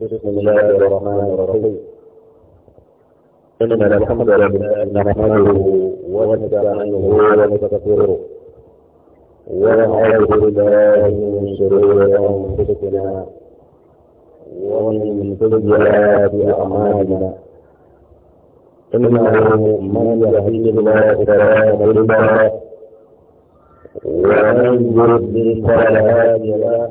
بسم الله الرحمن الرحيم إن الحمد لله نحمده ونستعينه ونستغفره ونعوذ بالله من شرور أنفسنا ومن سيئات أعمالنا إنه من يهدي الله فلا مضل له ومن يضلل فلا هادي له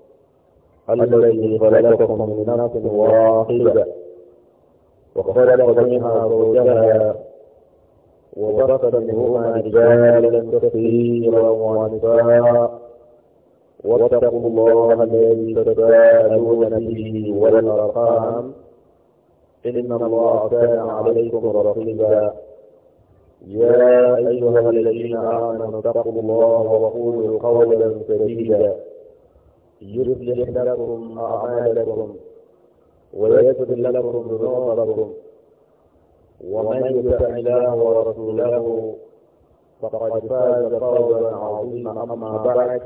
الذي خلقكم من نفس واحدة وخلق منها زوجها وبرك منهما رجالا كثيرا ونساء واتقوا الله الذي تساءلون به والارحام ان الله كان عليكم رقيبا يا ايها الذين امنوا اتقوا الله وقولوا قولا سديدا يصلح لكم أعمالكم ويغفر لكم ذنوبكم ومن يطع الله ورسوله فقد فاز فوزا عظيما أما بعد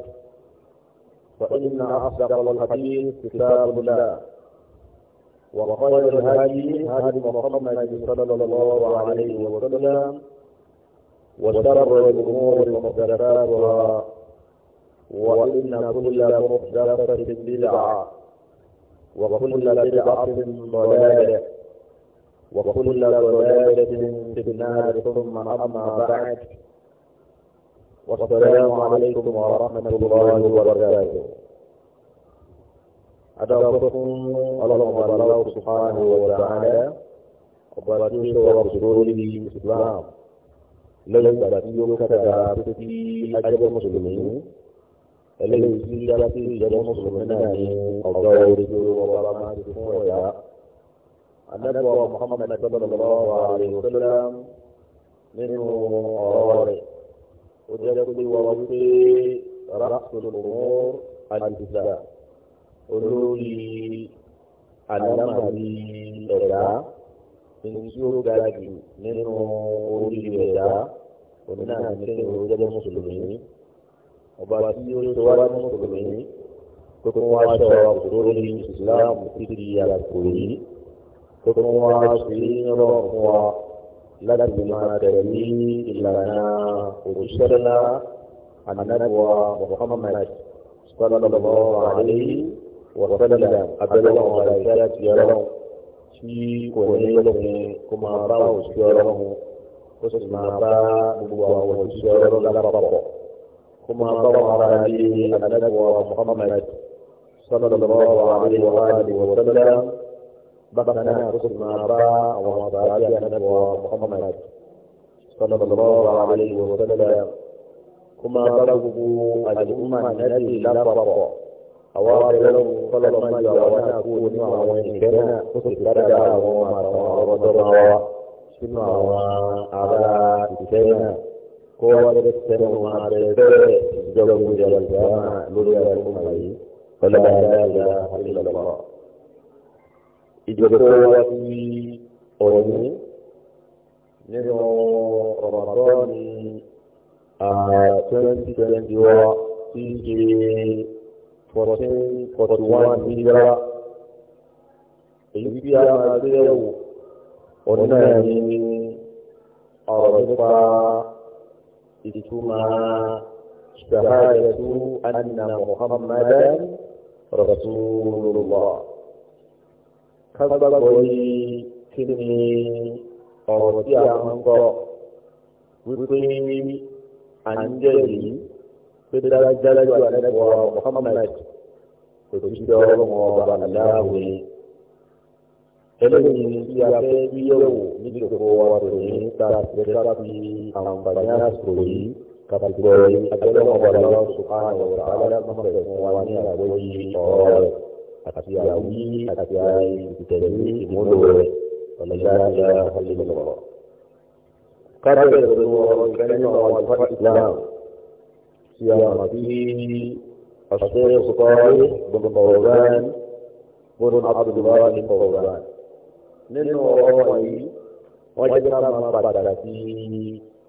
فإن أصدق الحديث كتاب الله وخير الْهَادِي هَادِي محمد صلى الله عليه وسلم وشر الأمور محدثاتها وإن كل محدثة بدعة وكل بدعة ضلالة وكل ضلالة في النار ثم أما بعد والسلام عليكم ورحمة الله وبركاته أدعوكم الله الله سبحانه وتعالى وبركاته ورسوله الإسلام لن تبقى كتابة في أجل المسلمين eléyìí sí yára sí ìjọba mùsùlùmí Muhammad sallallahu alaihi wasallam nínú ọ̀rọ̀ rẹ̀ ó jẹ́ pé wọ́n pé rákùnrin mọ́ àdìsá olórí àlámàrí ẹ̀dá tí ó ga jù nínú orí ọba tí ó ṣe wá ní mùsùlùmí tó tún wá ṣe ọ̀rọ̀ kúrò lórí ìsìláàmù títí àlàkò yìí tó tún wá ṣe ń rọ̀ fún wa láti máa tẹ̀lé ìlànà òṣìṣẹ́ ńlá ànábùwà Muhammad sallallahu alayhi wa sallam abẹ́lẹ́ wọn wà láti láti ọlọ́run tí kò ní lópin kó máa bá òṣìṣẹ́ ọlọ́run kó sì máa bá gbogbo àwọn òṣìṣẹ́ ọlọ́run lápapọ̀. كما طبع على النبوة محمد صلى الله عليه وآله وسلم بقنا كما باع وصحابي النبوة محمد صلى الله عليه وسلم كما بلغوا الأمة التي لا ترى أواخرهم صلى الله عليه وسلم كونوا وإن كان كتب وما ترى وما ترى شنو أرى إلينا kowa da tsere ma da tsere jagon da lalata lura da kuma yi wala da ya da halin ba ìjọba wa fi ọ̀rọ̀ nínú ọ̀rọ̀ ní twenty twenty wa tí í ṣe fourteen forty one nígbà èyí bí a máa gbé ẹ̀wò ọ̀nà ní ìtumọ̀ ṣàhádàtú anna muhammadan rasulullah kágbàgbọ́ yìí kí ni ọ̀rọ̀ tí a ń kọ́ wípé à ń jẹ́rìí pé dáradára ju àdàbọ̀ kata-kata tí a fẹ́ rí ini níjòkó wa tò ní ká fi àǹfààní àsìkò yìí ká fi gbọ́ yìí abẹ́rẹ́ ọ̀bọ̀dà lọ́wọ́ sùpáà ọ̀rọ̀ alámọ̀fẹ́ fún wa ní àgbọ̀ yìí ọ̀rọ̀ rẹ̀ àti àwí Islam tí a mọ̀ sí ọ̀ṣẹ́ sùpáà gbọ̀ngàn Fawzan gbọ̀ngàn nínú ọ̀rọ̀ yìí wọ́n jẹ́ ká máa padà sí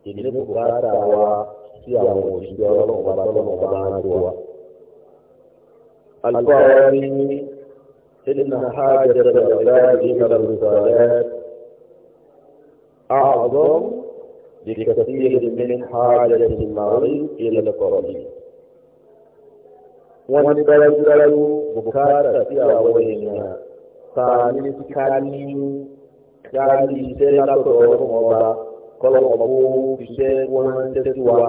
ìdílé bùkátà wa sí àwọn òṣìṣẹ́ ọlọ́run bá bá ń tó wa. Àlùfáà ní إن حاجة العباد إلى الرسالات أعظم بكثير من حاجة المريض إلى القرآن wọ́n ní dáradára bùkátà sí àwọn ènìyàn ta ní ká ní gáàrí iṣẹ́ látọ̀dọ̀ ọlọ́mọba kọ́lọ́mọbó iṣẹ́ wọn tẹ́ sí wa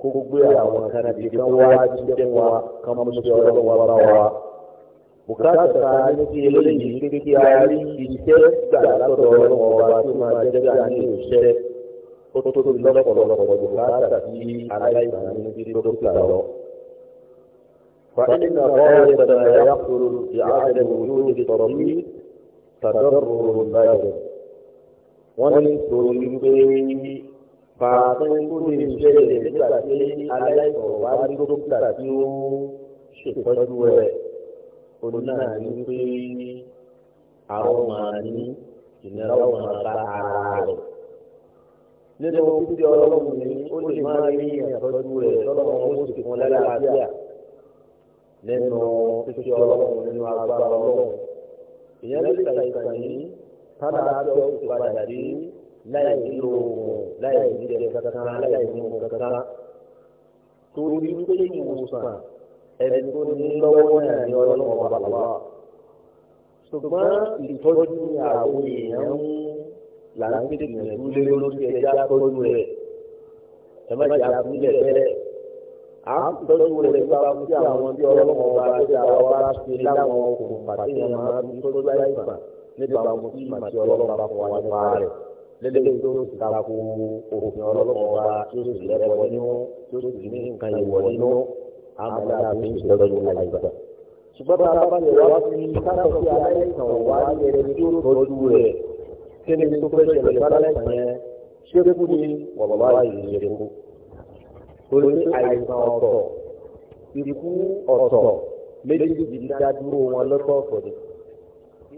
kó gbé àwọn kàdé kan wá jíjẹ́ wa kan mú sí ọlọ́mọba bá wa. bùkátà ta ní eléyìí pé kí a rí iṣẹ́ gbà látọ̀dọ̀ ọlọ́mọba tó máa jẹ́ gbà ní òṣìṣẹ́ ó tó tóbi lọ́pọ̀lọpọ̀ bùkátà sí aláìsàn ní dókítà lọ. فإن غاية ما يحصل بعدم وجود الطبيب تضرر البدن wọ́n ní torí pé bàtẹ́ kó lè ṣẹlẹ̀ nígbà tí aláìsàn wá ní dókítà tí ó ṣètọ́jú rẹ̀ ó náà ní pé àwọn máa ní ìnira wọn bá ara rẹ̀. nínú fífi ọlọ́run ní ó lè máa rí ìyàtọ́jú rẹ̀ tọ́lọ́run ó sì fún lálàáfíà nínú fífi ọlọ́run nínú agbára ọlọ́run ìyẹn ló ṣe àìsàn yìí tánà àjọ ìpadà sí láì nílò oògùn láì nílò kankan láì nílò kankan torí pé ìwòsàn ẹni tó ní lọ́wọ́ náà ní ọlọ́run ọba bàbá ṣùgbọ́n ìtọ́jú àwọn èèyàn ń làǹgbẹ̀dẹ̀ gbìyànjú lé lórí ẹja tọ́jú rẹ̀ ẹ má jà fún ilẹ̀ bẹ́ẹ̀ à ń tọ́jú rẹ̀ nípa sí àwọn tí ọlọ́mọ ọba àti àwọn bá ṣe láwọn okùnfà tí yẹn máa ń tọ́jú àìsàn nípa àwọn tí màtí ọlọ́mọ bá fọwọ́ nípa rẹ̀ lẹ́lẹ́yìn tó ti ta ko òfin ọlọ́mọ ọba tí ó sì lẹ́kọ̀ọ́ nínú tí ó sì ní nǹkan ìwọ̀ nínú àmàlà àti ìṣèlú àìsàn. ṣùgbọ́n bá a bá lè wá sí sátọ̀ sí aláìsàn wá ní torí àìsàn ọ̀tọ̀ ikú ọ̀tọ̀ méjèèjì dá dúró wọn lọ́tọ̀ọ̀tọ̀ ni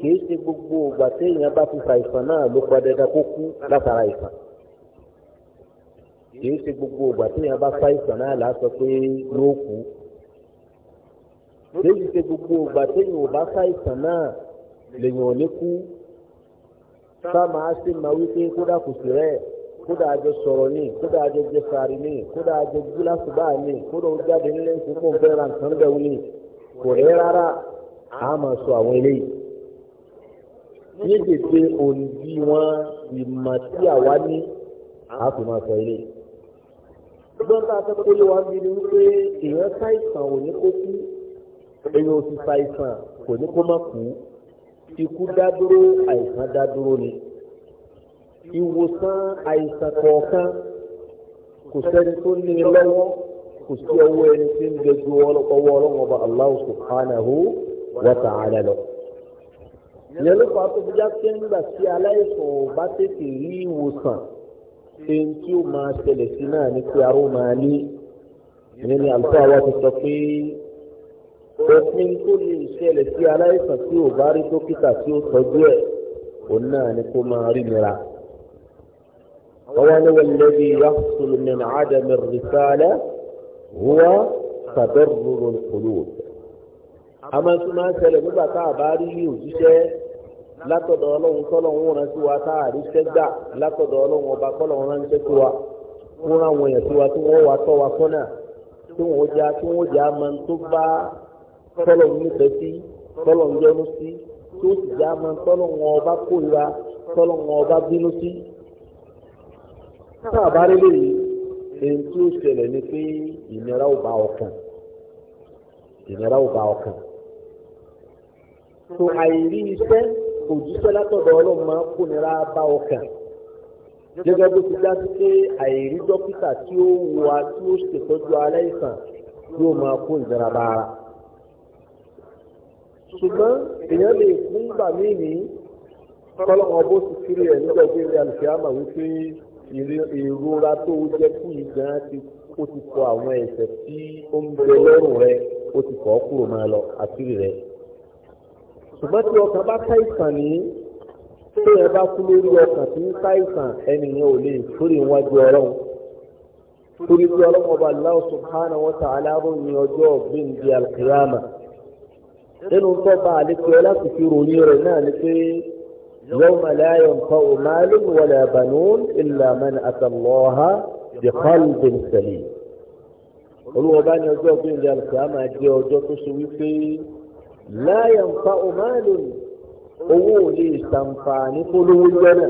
kìí ṣe gbogbo ìgbà téèyàn bá ti ṣàìsàn náà ló pa dandan kó kú látara ìsàn kìí ṣe gbogbo ìgbà téèyàn bá ṣàìsàn náà lásọ pé ló kú kìí ṣe gbogbo ìgbà téèyàn ò bá ṣàìsàn náà lèèyàn ò ní kú sáà máa ṣe máa wí pé kódà kò sí rẹ̀ kódà àjọ sọ̀rọ̀ ní kódà àjọ jẹ sàárì ní kódà àjọ gíláàsì báà ní kódà ó jáde nílé ìkókò fẹ́ ra nǹkan bẹ́ẹ̀ ní kò rẹ́ rárá a máa sọ àwọn eléyìí. ní tètè òǹdí wọn ìmọ̀ tí àwa ní a fi máa sọ eléyìí. ṣùgbọ́n tá a fẹ́ kó yé wa bí ni wípé èèyàn ṣàìsàn ò ní kó kú èèyàn ò sì ṣàìsàn kò ní kó má kú ikú dá àìsàn dá ni ìwòsàn àìsàn kọ̀ọ̀kan kò sẹ́ni tó ní i lọ́wọ́ kò sí ọwọ́ ẹni tí ń bẹ ju ọwọ́ ọlọ́wọ́ bá Allahu subhanahu wa ta'ala lọ. ìyẹn ló fà á tó fi já pé nígbà tí aláìsàn ò bá tètè rí ìwòsàn ṣe ń tí ó máa ṣẹlẹ̀ sí náà ní pé aró máa ní ìyẹn ni àlùfáà wa ti sọ pé òfin tó lè ṣẹlẹ̀ sí aláìsàn tí ò bá rí dókítà tí ó tọ́jú ẹ̀ òun náà ni kó máa rí nira. وأنا والذي يحصل من عدم الرسالة هو تبرر القلوب أما ثم سلم بقى باري وجيشه látọ̀dọ̀ ọlọ́run kọ́lọ́run rán sí wa tá a rí sẹ́gbà látọ̀dọ̀ ọlọ́run ọba kọ́lọ́run ránṣẹ́ sí wa wọ́n rán àwọn èèyàn sí wa tí wọ́n wá tọ́ wa kọ́nà tí wọ́n já tí wọ́n já máa ń tó bá kọ́lọ́run nífẹ̀ẹ́ sí kọ́lọ́run yọ́nú sí tí ó sì já máa ń tọ́lọ́run ọba kórìíra tọ́lọ́run ọba bínú sí náà bá rí lèyí èyí tí ó ṣẹlẹ̀ ni pé ìnira ò bá ọkàn ìnira ò bá ọkàn tó àìrí iṣẹ́ òjíṣẹ́ látọ̀dọ̀ ọlọ́run máa ń kónira bá ọkàn gẹ́gẹ́ bó ti dá sí pé àìrí dókítà tí ó wà tí ó ṣètọ́jú aláìsàn yóò máa kó ìnira bá ara ṣùgbọ́n èèyàn lè fún ìgbà míì ní kọ́lọ́mọ bó ti kiri ẹ̀ nígbà gbé ní àlùfíà mà wípé ìrora tó jẹ fún ìgbà ti ó ti kọ àwọn ẹ̀ṣẹ̀ tí ó ń bẹ lọ́rùn rẹ ó ti kọ́ kúrò máa lọ àṣírí rẹ. ṣùgbọ́n tí ọkàn bá káìsàn ní tí ẹ bá kú lórí ọkàn tí ń káìsàn ẹnìyàn ò lè sórí iwájú ọlọ́run. torí pé ọlọ́run ọba Allah subhanahu wa ta'ala ní ọjọ́ ọ̀gbìn di alkiyama. nínú tó àlékè ọlá kìí ròyìn rẹ̀ náà ni pé. يوم لا ينفع مال ولا بنون إلا من أتى الله بقلب سليم olùwọ́ bá ní ọjọ́ ọdún ìjà àlùkò máa jẹ́ ọjọ́ tó ṣe wípé la yanfa'u malun owó ò lè ṣàǹfààní polówó lọ́nà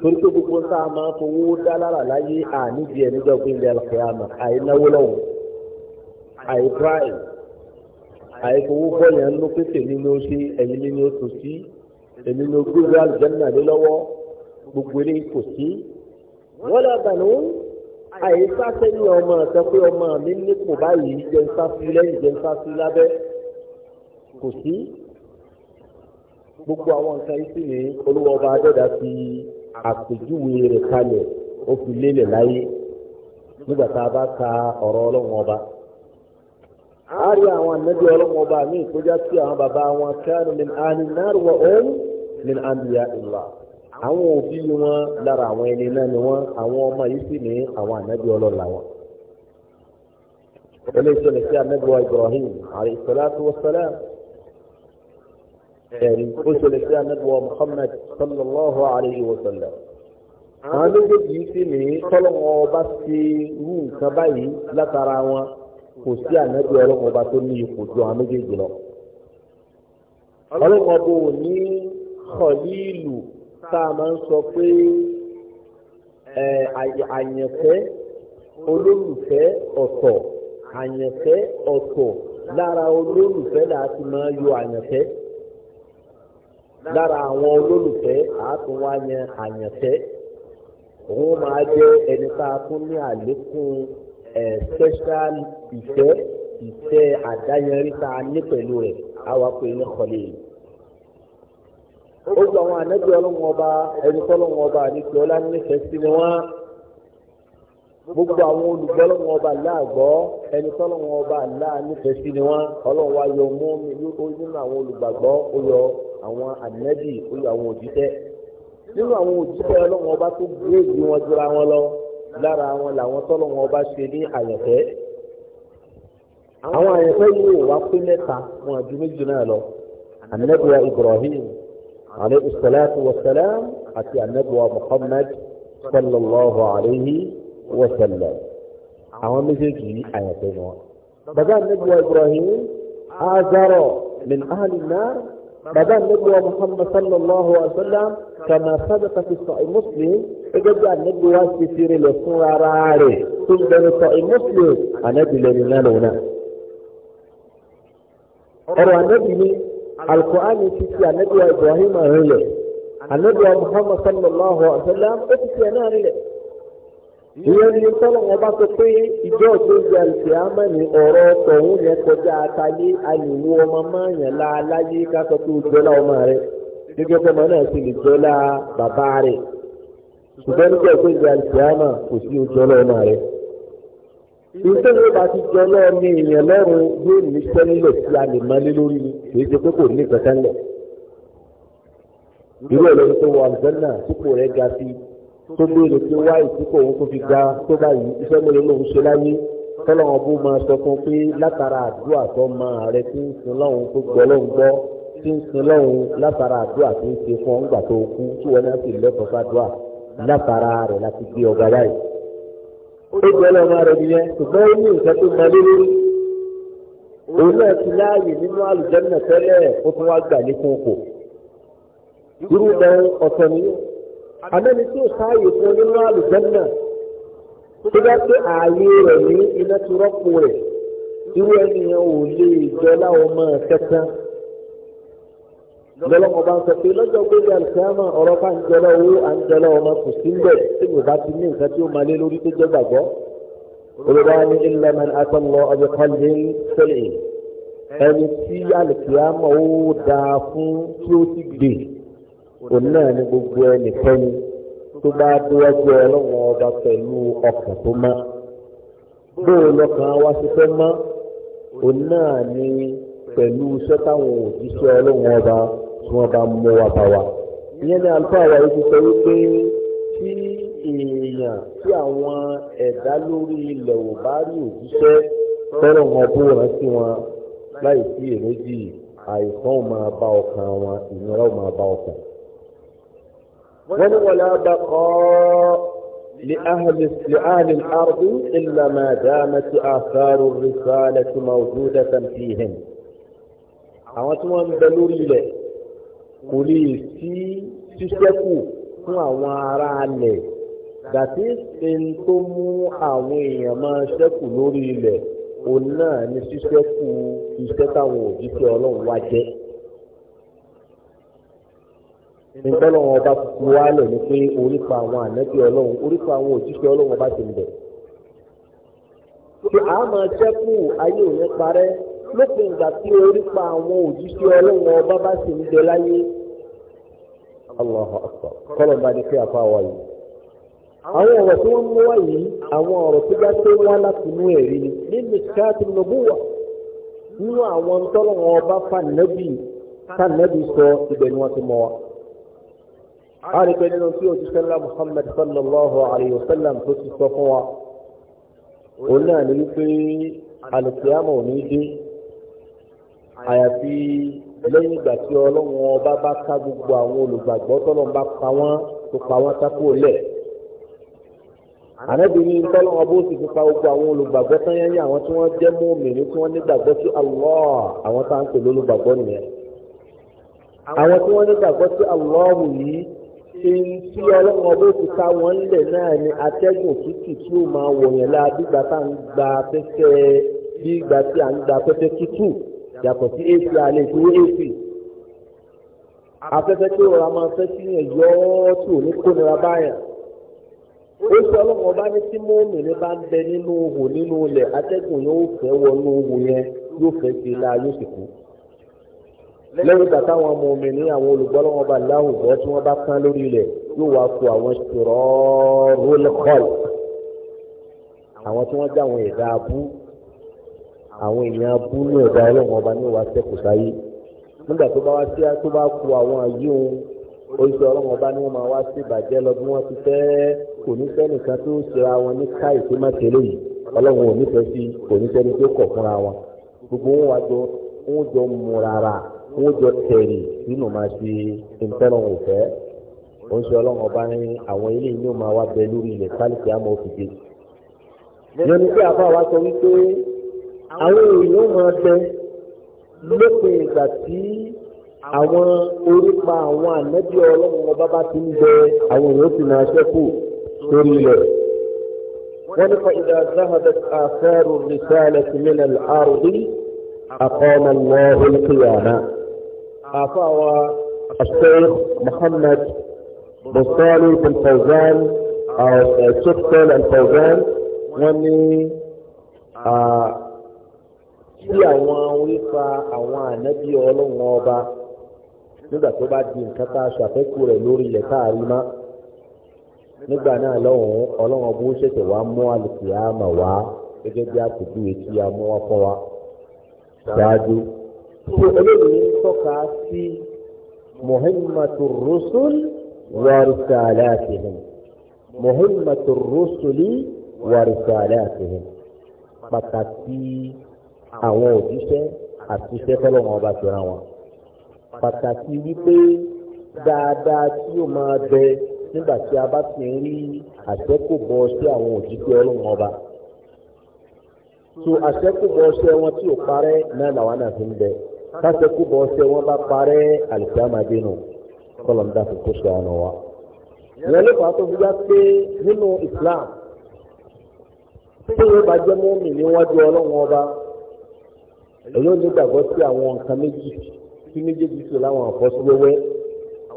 torí pé gbogbo tá a máa fowó dá lára láyé àníbi ẹ̀ níjọ́ ọdún ìjà àlùkò àmà àìnáwó lọ́wọ́ àìpráì àìfowó bọ́yàn ló pèsè nínú ṣe ẹ̀yìn nínú ó sí èmi ló gbégbé àlùjànnà lé lọ́wọ́ gbogbo ilé kò sí. wọ́n lọ bànú àyíká sẹ́yìn ọmọ sọ pé ọmọ mi nípò báyìí jẹ́ ń sáfù lẹ́yìn jẹ́ ń sáfù lábẹ́ kò sí. gbogbo àwọn nǹkan yìí sì ní olúwa ọba adọ́dà fi àpèjúwe rẹ̀ kalẹ̀ ó fi lélẹ̀ láyé nígbà tá a bá ka ọ̀rọ̀ ọlọ́run ọba a rí àwọn ànábì ọlọ́run ọba ní ìkójá sí àwọn bàbá wọn kánú min ahli nar wa òun min anbiya illah àwọn òbí wọn lára àwọn ẹni náà ni wọn àwọn ọmọ yìí sì ní àwọn ànábì ọlọ́lá wọn. ó lè ṣẹlẹ̀ sí ànábì wa Ibrahim alayhi salatu wa salam ẹ̀rí ó ṣẹlẹ̀ sí ànábì wa sallallahu alayhi wa sallam àwọn méjèèjì sì ní tọ́lọ́wọ́ ọba ṣe irú nǹkan báyìí látara wọn kò sí ànábì ọlọ́wọ́ tó ní ipò ju àwọn méjèèjì lọ. ọlọ́wọ́ ò ní kọ̀líìlù tá a máa ń sọ pé àyànfẹ́ olólùfẹ́ ọ̀tọ̀ àyànfẹ́ ọ̀tọ̀ lára olólùfẹ́ láti máa yọ àyànfẹ́ lára àwọn olólùfẹ́ àtúnwáyẹ àyànfẹ́ òun máa jẹ́ ẹni tá a ní àlékún special ìfẹ́ ìfẹ́ àdáyẹrí ó ju àwọn ànábì ọlọ́run ọba ẹni tọ́lọ́run ọba àdìsí ọlá nífẹ̀ẹ́ sí ni wọ́n gbogbo àwọn olùgbọ́lọ́run ọba láàgbọ́ ẹni tọ́lọ́run ọba láà nífẹ̀ẹ́ sí ni wọ́n ọlọ́run wa yọ mú nínú àwọn olùgbàgbọ́ ó yọ àwọn ànábì ó yọ àwọn òjíṣẹ́ nínú àwọn òjíṣẹ́ ọlọ́run ọba tó gbé ìdí wọn jura wọn lọ lára wọn làwọn tọ́lọ́run ọba ṣe ní àyànfẹ́ عليه الصلاة والسلام حتى النبوة محمد صلى الله عليه وسلم عوامل جي آياتين بدا النبوة إبراهيم أعزر من أهل النار بدا النبوة محمد صلى الله عليه وسلم كما صدق في الصحيح مسلم إجد النبوة كثير لصورة عليه ثم بني الصحيح مسلم أنا بلنا لنا أروى النبوة al ti fi anabiwa ibrahim rinlẹ̀ anabiwa muhammad sallallahu alaihi wa sallam ó ti fi ẹ̀ náà rinlẹ̀ ìyẹn ní sọ́nà wọn bá pé ìjọ tó àlùfíàmà ní ọ̀rọ̀ tọ̀hún yẹn kọjá àtàlẹ́ àlèwò ọmọ máa yàn láàláyé ọmọ gẹ́gẹ́ náà sì lè bàbá àlùfíàmà kò sí ìṣe yóò bá ti jẹ lọ́ọ̀ni èèyàn lọ́rùn yóò ní sẹ́ńlẹ̀ tí a lè máa lé lórí ni kì í ṣe pé kò ní ìpẹ́sẹ́ńlẹ̀. irú ẹ̀ lórí tó wọ àlùfẹ́nà sípò rẹ̀ ga sí tó béèrè pé wá ìsìnkú òun tó fi ga tó báyìí iṣẹ́ mélòó lòun ṣe láyé tọ́lọ́wọ́n bó máa sọ fún pé látara àdúrà tó máa rẹ tí ń sin lọ́hùn tó gbọ́ lọ́hùn gbọ́ tí ń sin lọ́hùn látara àdúrà tó ń ṣe fún ọ ńgbà tó kú tí wọ́n náà sì lẹ́kọ̀ọ́ fàdúrà látara rẹ̀ láti gbé ọgbà báyìí ó jẹ́ lọ́mọ rẹ̀ nìyẹn ṣùgbọ́n ó ní nǹkan tó mọ lórí òun náà ti láàyè nínú àlùjànnà tẹ́lẹ̀ ó tún wá gbà ní kókò irú ẹ̀hún ọ̀tọ̀ ni àmẹ́ni tí ò sáàyè fún nínú àlùjànnà tó bá pé ààyè rẹ̀ ní iná ti rọ́pò rẹ̀ irú ẹni yẹn ò lè jọ láwọn ọmọ kẹta lọ́lọ́mọ bá ń sọ pé lọ́jọ́ gbélé àlùfáàmà ọ̀rọ̀ bá ń jẹlọ owó à ń jẹlọ ọmọ kò sí ń bẹ̀ tí kò bá ti ní nǹkan tí ó máa lé lórí tó jẹ́ gbàgbọ́. olùbá ní ilẹ̀ man atọ́lọ kọ́lé ń tẹ̀lé ẹni tí àlùfáàmà ó dáa fún tí ó ti gbè òun náà ni gbogbo ẹnìkẹ́ni tó bá dúwájú ọlọ́wọ́n ọba pẹ̀lú ọkàn tó má bóun lọ́kàn wá sí fẹ́ mọ́ òun náà ni pẹ̀lú iṣẹ́ táwọn òjíṣẹ́ ọlọ́wọ́n ọba tí wọ́n bá mú wa bá wa. ìyẹn ní àlùfáà wa yìí ti sọ wípé tí èèyàn tí àwọn ẹ̀dá lórí ilẹ̀ ò bá rí òjíṣẹ́ fẹ́ràn wọn bó rántí wọn láì sí èrèjì àìsàn ò máa bá ọkàn wọn ìnira ò máa bá ọkàn. wọ́n ní wọlé abakọ́ لأهل الأرض إلا ما دامت آثار الرسالة موجودة فيهم. àwọn tí wọ́n ń kò lè sí ṣíṣẹ́kù fún àwọn ará alẹ̀ gàtí ẹni tó mú àwọn èèyàn máa ṣẹ́kù lórí ilẹ̀ òun náà ni ṣíṣẹ́kù iṣẹ́ táwọn òjíṣẹ́ ọlọ́run wá jẹ́ nítọ́lọ́wọ́n ọba tuntun wá lẹ̀ ní pé orípa àwọn ànábì ọlọ́run orípa àwọn òjíṣẹ́ ọlọ́run ọba ti ń bẹ̀. ṣé àá máa ṣẹ́kù ayé òní parẹ́ lópin ìgbà tí orí pa àwọn òjíṣẹ́ ọlọ́wọ́n ọba bá sì ń bẹ láyé. kọ́lọ̀ bá ní wa yìí. àwọn ọ̀rọ̀ tí wọ́n mú wá yìí àwọn ọ̀rọ̀ tó bá tó wá láti inú ẹ̀rí ni nínú káàtì nùbúwà nínú àwọn sọ ibẹ̀ ni wọ́n ti mọ wa. a rí pé nínú tí òjíṣẹ́ ńlá sallallahu alayhi wa sallam tó ti sọ fún wa òun náà ní àyàfi lẹ́yìn ìgbà tí ọlọ́run ọba bá ká gbogbo àwọn olùgbàgbọ́ tọ́lọ́run bá pa wọ́n tó pa wọ́n sákò lẹ̀. ànábì ní tọ́lọ́run ọba ó sì fi pa gbogbo àwọn olùgbàgbọ́ tán yẹn ní àwọn tí wọ́n jẹ́ mùmínì tí wọ́n nígbàgbọ́ sí Allah àwọn tá à ń pè lólùgbàgbọ́ nìyẹn. àwọn tí wọ́n nígbàgbọ́ sí Allah yìí ṣe ń tí ọlọ́run ọba ó sì ká wọn lẹ̀ náà ni atẹ́gùn tútù tí ó máa wọ̀nyẹn láàbí gbà tá à ń gba afẹ́fẹ́ bí ìgbà tí yàtọ̀ sí ac alẹ́ ìṣòwò ac afẹ́fẹ́ tí òòrùn máa fẹ́ sí yẹn yọ ọ́ tí ò ní kó nira báyà ó sọ ọlọ́run ọba ní tí mọ́ọ̀mù ní bá ń bẹ nínú ihò nínú ilẹ̀ atẹ́gùn yẹn ó fẹ́ wọnú ihò yẹn yóò fẹ́ sí i láàyò sì kú lẹ́yìn ìgbà táwọn ọmọ mi ní àwọn olùgbọ́lọ́wọ́ ọba láwùjọ tí wọ́n bá kán lórí ilẹ̀ yóò wá fún àwọn ṣòro rólẹ́kọ́ọ̀lù àwọn tí wọ́n já àwọn ẹ̀dá abú àwọn èèyàn abúlé ọ̀dà ọlọ́run ọba ní wàá sẹ́kù sáyé nígbà tó bá wá sí tó bá ku àwọn àyè òun oṣù ọlọ́run ọba ní wọ́n máa wá sí ìbàjẹ́ lọ bí wọ́n ti fẹ́ kò ní sẹ́nìkan tó ṣera wọn ní káì tó má tẹ̀lé yìí ọlọ́run ò nífẹ̀ẹ́ sí kò ní sẹ́ni tó kọ̀ fúnra wọn gbogbo wọn wá jọ wọn jọ múrara wọn jọ tẹ̀lé nínú máa ṣe ìfẹ́ràn òfẹ́ oṣù ọlọ́run ọba ní àwọn ilé ìlú máa wá bẹ lórí ilẹ̀ kálíkì àmọ́ òfìdí. yẹnu pé àbá wa sọ wípé àwọn èèyàn máa bẹ lópin ìgbà tí àwọn orípa àwọn ànábì ọlọ́run ọba bá ti ń bẹ àwọn èèyàn sì máa ṣẹ́kù lórí ilẹ̀. wọ́n ní فإذا ذهبت آثار الرسالة من الأرض أقام الله القيامة. أعطاها الشيخ محمد بن صالح بن فوزان أو الشيخ صالح الفوزان ومن آه sí àwọn orípa àwọn ànábì ọlọ́run ọba nígbà tó bá di nǹkan tá a ṣàfẹ́kù rẹ̀ lórí ilẹ̀ tá a rí má nígbà náà lọ́hùn-ún ọlọ́run ọba ó ṣẹ̀ṣẹ̀ wá mú àlùkò àmà wá gẹ́gẹ́ bí àpèjúwe tí a mú wá fún wa ṣáájú. tó eléyìí ń tọ́ka sí muhimmatu rusul wa risalatihim muhimmatu rusuli wa risalatihim pàtàkì àwọn òjíṣẹ́ àti iṣẹ́ tọ́lọ́wọ́n ọba ti ra wọn. pàtàkì wípé dáadáa tí ó máa bẹ nígbà tí a bá ti ń rí àṣẹ́kùbọ̀ sí àwọn òjíṣẹ́ ọlọ́wọ́n ọba. so àṣẹ́kùbọ̀ ṣe wọn tí ò parẹ́ náà làwọn náà fi ń bẹ kásẹ̀kùbọ̀ ṣe wọn bá parẹ́ àlùkàmàdé nù kọ́lọ̀ ń dàpọ̀ kó ṣe àná wa. ìyẹn ló fà á tó fi já pé nínú Islam tí yóò bá jẹ́ mọ́mì níwájú ọlọ́wọ́n ọba èyí ò ní gbàgbọ́ sí àwọn nǹkan méjì tí méjèèjì sọ láwọn àfọ́síwẹ́wẹ́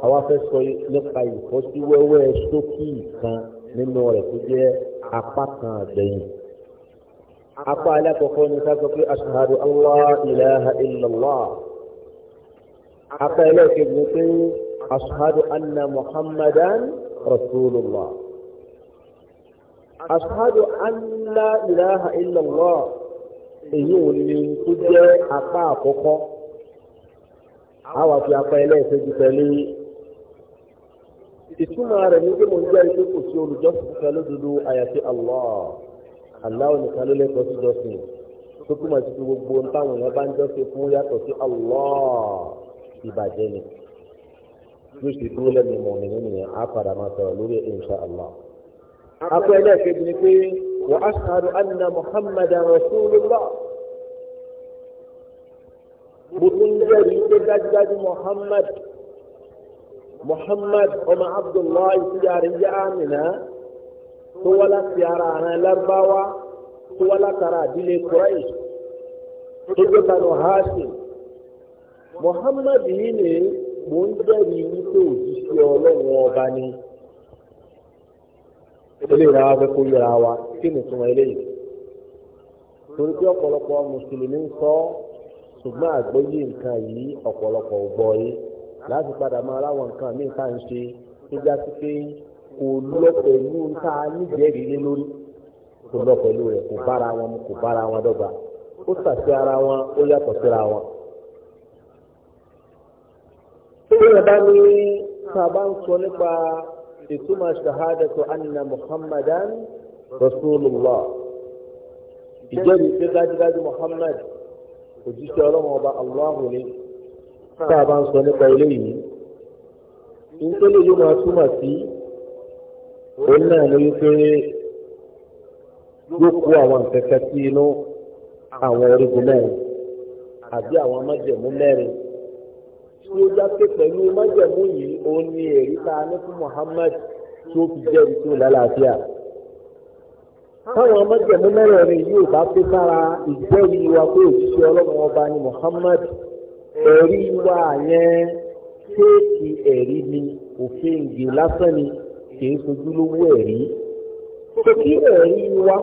àwa fẹ́ sọ nípa ìfọ́síwẹ́wẹ́ ṣókí kan nínú rẹ̀ tó jẹ́ apá kan àgbẹ̀yìn. apá alákọ̀ọ́kọ́ ni ká sọ pé ashhadu allah ilaha illallah apá ẹlẹ́ẹ̀kejì ni pé ashhadu anna muhammadan rasulullah ashhadu anna ilaha illallah. èyí ò ní tó jẹ́ apá àkọ́kọ́ a wà fi apá ẹlẹ́ẹ̀kejì pẹ̀lú ìtumọ̀ rẹ̀ ní gbẹ́mọ̀ nígbà yìí pé kò sí olùjọ́sìn kan lódodo àyàfi Allah Allah sí jọ́sìn tó túmọ̀ sí gbogbo táwọn èèyàn bá ń jọ́sìn fún yàtọ̀ sí Allah ìbàjẹ́ ni yóò sì dúró lẹ́nu ìmọ̀ nínú nìyẹn á insha Allah apá ni pé. وأشهد أن محمدا رسول الله بطن جري تجدد محمد محمد أم عبد الله سياري آمنا تولى سيارانا لرباوا تولى ترى دلي قريش تجدد هاشم محمد هنا بطن جري توجيش يولو ele ìrìn àwọn afẹ́kọ̀ọ́ yẹra wa kí ni ìtumọ̀ eléyìí torí pé ọ̀pọ̀lọpọ̀ mùsùlùmí ń sọ ṣùgbọ́n àgbóyè nǹkan yìí ọ̀pọ̀lọpọ̀ gbọ́ láti padà máa láwọn nǹkan ṣe tó já sí pé kò lọ pẹ̀lú a nídìí lé lórí kò lọ pẹ̀lú rẹ̀ kò bára wọn kò bára wọn dọ́gba ó sàṣẹ ara wọn ó ní tá a bá ń sọ nípa ìtumọ̀ ṣahadatu anna muhammadan rasulullah ìjẹ́rìí pé dájúdájú muhammad òjíṣẹ́ ọlọ́mọ ọba allahu ni tá a bá ń sọ nípa eléyìí nítorí yóò máa túmọ̀ sí òun náà ló yí pé yóò kó àwọn nǹkan kan sí inú àwọn orígun mẹ́rin àbí àwọn amájẹ̀mú mẹ́rin. tí ó jápé pẹ̀lú májẹ̀mú yìí òun ni ẹ̀rí ta ní fún Muhammad tó fi jẹ́rìí tó lálàáfíà. táwọn májẹ̀mú mẹ́rẹ̀ẹ̀rin yóò bá pé sára ìjẹ́rìí wa pé òṣìṣẹ́ ọlọ́run ọba ni Muhammad ẹ̀rí wa yẹn kéèkì ẹ̀rí ni òfin ìgbè lásán ni kì í lówó ẹ̀rí. kí ẹ̀rí wa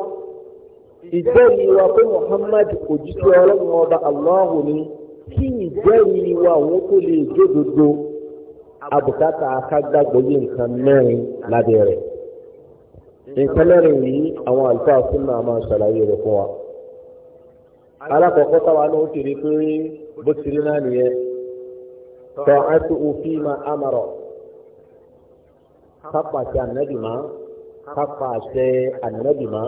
ìjẹ́rìí wa pé Muhammad òjíṣẹ́ ọba kí ìjẹ́rìí wa òun tó lè jódodo abùkátà akágbàgbọ́ yé nǹkan mẹ́rin lábẹ́ rẹ̀ nǹkan mẹ́rin yìí àwọn àlùfáà fún náà máa ṣàlàyé rẹ̀ fún wa. alákọ̀ọ́kọ́ táwa náà ó ti rí pé bó ti rí náà nìyẹn tọ́ á tó òfin máa amọ̀rọ̀ kápàṣẹ ànábìmá kápàṣẹ ànábìmá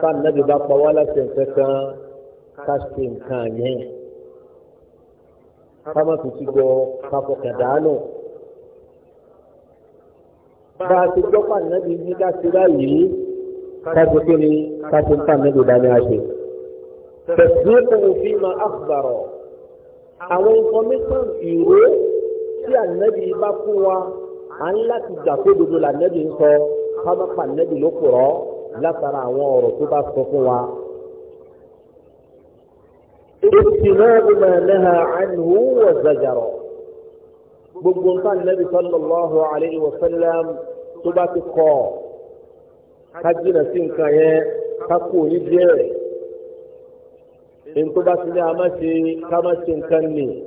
ká ànábìbá pa wá láti nǹkan kan ká ṣe nǹkan yẹn ká má tún ti gbọ́ káfọkàn dànù. bá a ti gbọ́ pàǹdàbí ní ká ti báyìí káṣe kí ni káṣe ń pàǹdàbí dání àṣẹ. tẹ̀síkù òfin ma àkùbàrọ̀ àwọn information ìró tí ànábì bá fún wa à ń láti gbà pé dodo làǹdàbí ń sọ ká má pàǹdàbí ló kùrọ̀ látara àwọn ọ̀rọ̀ tó bá sọ fún wa. اجتماع ما نهى عنه وزجر بقلت النبي صلى الله عليه وسلم تبات القاء حجنا سنكا يا تقو نجي ان تبات لي عمشي كما سنكني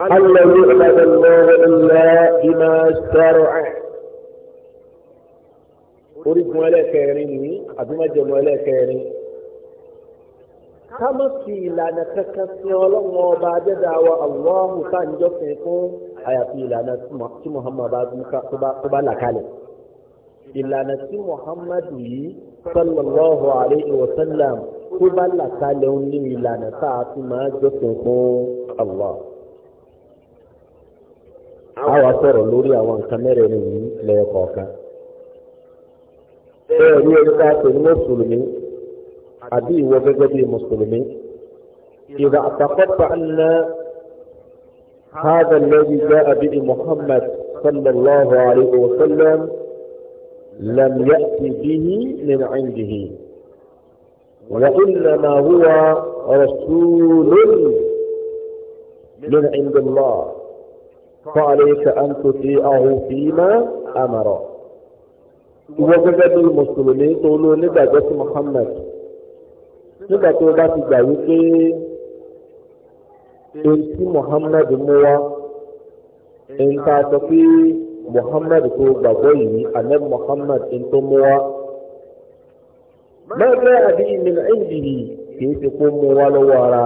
الله يعلم الله الا بما شرع اريد مالك يا ريمي ابي ما جمالك ká má fi ìlànà kankan sí ọlọ́run ọba adẹ́dáwà Allahu sáǹjọ́sìn fún àyàfi ìlànà tí Muhammad tó bá là kalẹ̀ ìlànà tí Muhammad yìí sallallahu alayhi wa sallam tó bá là kalẹ̀ ń ní ìlànà tá a ti máa jọ́sìn fún Allah. àwa sọ̀rọ̀ lórí àwọn nǹkan mẹ́rẹ̀ẹ̀rin yìí lẹ́yìn kọ̀ọ̀kan. bẹ́ẹ̀ ni ẹni ká pè ní mùsùlùmí. àbí وجدي مسلمي إذا اعتقدت أن هذا الذي جاء به محمد صلى الله عليه وسلم لم يأتي به من عنده وإنما هو رسول من عند الله فعليك أن تطيعه فيما أمر وجد المسلمين لدى جسم محمد nígbà tí o bá ti gbà wípé èyí muhammad mú wá èyí a sọ pé muhammad tó gbàgbọ́ yìí alẹ́ muhammad ń mú wá. mẹ́fẹ́ kìí ti kó mú wá lọ́wọ́ ara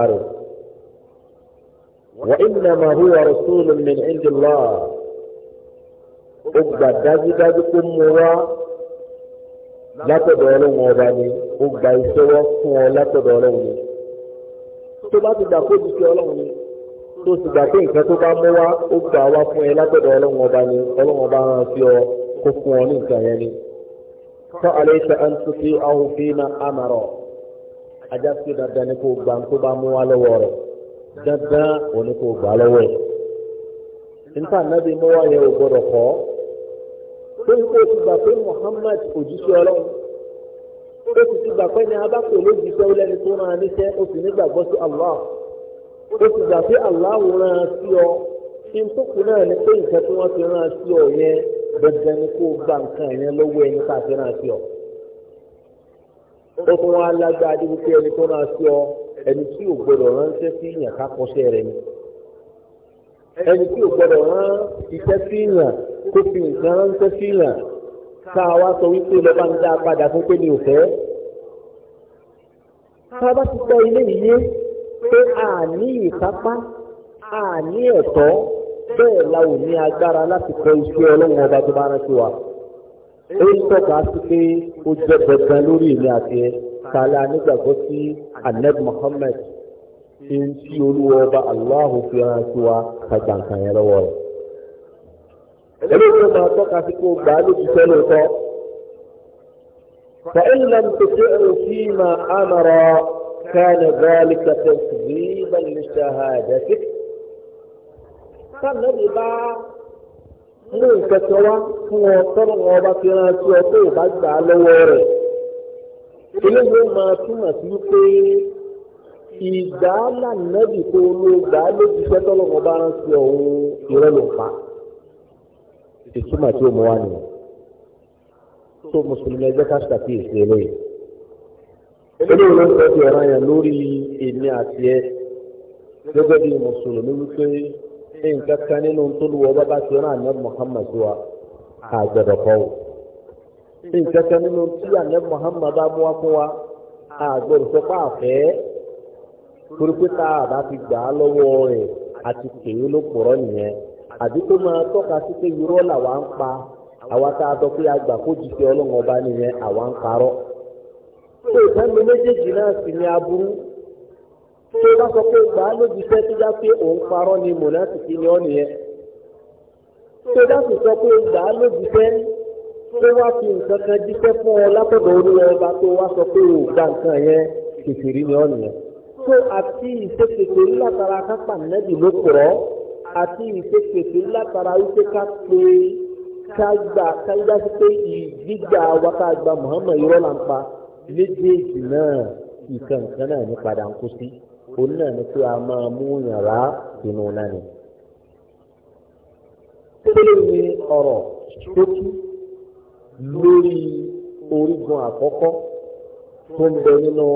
rẹ̀. látọ̀dọ̀ ọlọ́run ọba ni ó gba ìṣọwọ́ fún ọ látọ̀dọ̀ ọlọ́run ni tó bá ti gbà pé ọlọ́run ni tó gbà pé nǹkan tó bá mú wá ó ọ kó fún ọ ni. àlẹ́ ìṣe à ń tún sí ọ̀hún fi iná àmàrọ̀ ajá sí dandan ni kò gbà tó bá mú wá lọ́wọ́ rẹ̀ dandan òní kò gbà lọ́wọ́ lórí pé o ti gbà pé Muhammad òjíṣẹ́ ọlọ́run o ti gbà pé ní abáko lójíṣẹ́ ó tó rán níṣẹ́ o sì nígbàgbọ́ sí Allah o sì gbà pé Allah sí ọ kí n tó kù náà ni pé nǹkan tí wọ́n ti ọ yẹn ni kó o gba nǹkan yẹn lọ́wọ́ ẹni a fi rán sí ọ ó tún wá ẹni tó sí ọ ẹni ẹni tí ò gbọdọ̀ rán iṣẹ́ sí ìyàn kó fi nǹkan ránṣẹ́ sí ìyàn ká wá sọ wípé lọ́ba ń dá padà fún pé mi ò fẹ́. tá a bá ti gbọ́ ilé yìí yé pé a ní ìkápá a ní ẹ̀tọ́ bẹ́ẹ̀ la ò ní agbára láti kọ iṣẹ́ ọlọ́run ọba tó bá rántí wa. ó ń tọ́ka sí pé ó jẹ́ dandan lórí èmi àti ẹ̀ kálá nígbàgbọ́ sí Ahmed Muhammad ń tí olúwa ọba aláhù fi hàn sí wa ka gbàǹkà yẹn lọ́wọ́ rẹ̀. eléyìí máa tọ́ka sí kó gbà á lójú sẹ́nu tọ́. فإن لم تطعه فيما أمر كان ذلك تكذيبا لشهادتك sábẹ́bí bá mú ìkẹsẹ̀ wá fún ọ tọ́rọ wọn bá fi ran sí ọ tó bá gbà á lọ́wọ́ rẹ̀. eléyìí máa túmọ̀ sí pé ìgbàlà nẹ́bì tó ló gbà lójú iṣẹ́ tọ́lọ́mọ bá ń ṣe ọ̀hún ìrẹ́lò pa ìtumọ̀ tí ó mọ wá nìyẹn tó mùsùlùmí ẹgbẹ́ ká ṣàkíyèsí eléyìí eléyìí ló ń sọ ti ọ̀ràn yẹn lórí èmi àti ẹ gẹ́gẹ́ bí mùsùlùmí wípé nǹkan kan nínú tó lu ọba bá ti rán àná Muhammad wa àgbẹ̀dọ̀ kọ́ wò nǹkan kan nínú tí àná Muhammad bá mú wá fún wa àgbẹ̀dọ̀ sọ pé àfẹ́ torí pé tá a bá ti gbà á lọ́wọ́ rẹ̀ àti kèé ló pọ̀rọ̀ nìyẹn àbí tó máa tọ́ka sí pé irọ́ làwa ń pa àwa tá a sọ pé àgbà kó jù sí ọlọ́run ọba nìyẹn àwa ń parọ́. tó ìtẹ́nu méjèèjì náà sì ni aburú tó bá sọ pé gbà á lójú tó já pé òun parọ́ ni mọ̀nàtìkì ni ọ́ nìyẹn. tó bá sì sọ pé gbà á lójú tó wá fi nǹkan kan jíṣẹ́ fún ọ látọ̀dọ̀ olúwa ọba tó wá sọ pé òun gba nǹkan yẹn kìkìrì ni ọ́ nìyẹn tó àti ìfẹ́pẹ̀tẹ̀ látara kápá nẹ́bì ló pọ̀ àti ìfẹ́pẹ̀tẹ̀ látara wípé ká pé kágbà káyídá sí pé ìgbígbà wákàgbà Muhammad irọ́ là ń pa méjèèjì náà ìkànkàn náà ní padà ń kú sí òun náà ni pé a máa mú yàrá inú náà ni. Kílè ni ọ̀rọ̀ ṣókí lórí orígun àkọ́kọ́ tó ń bẹ nínú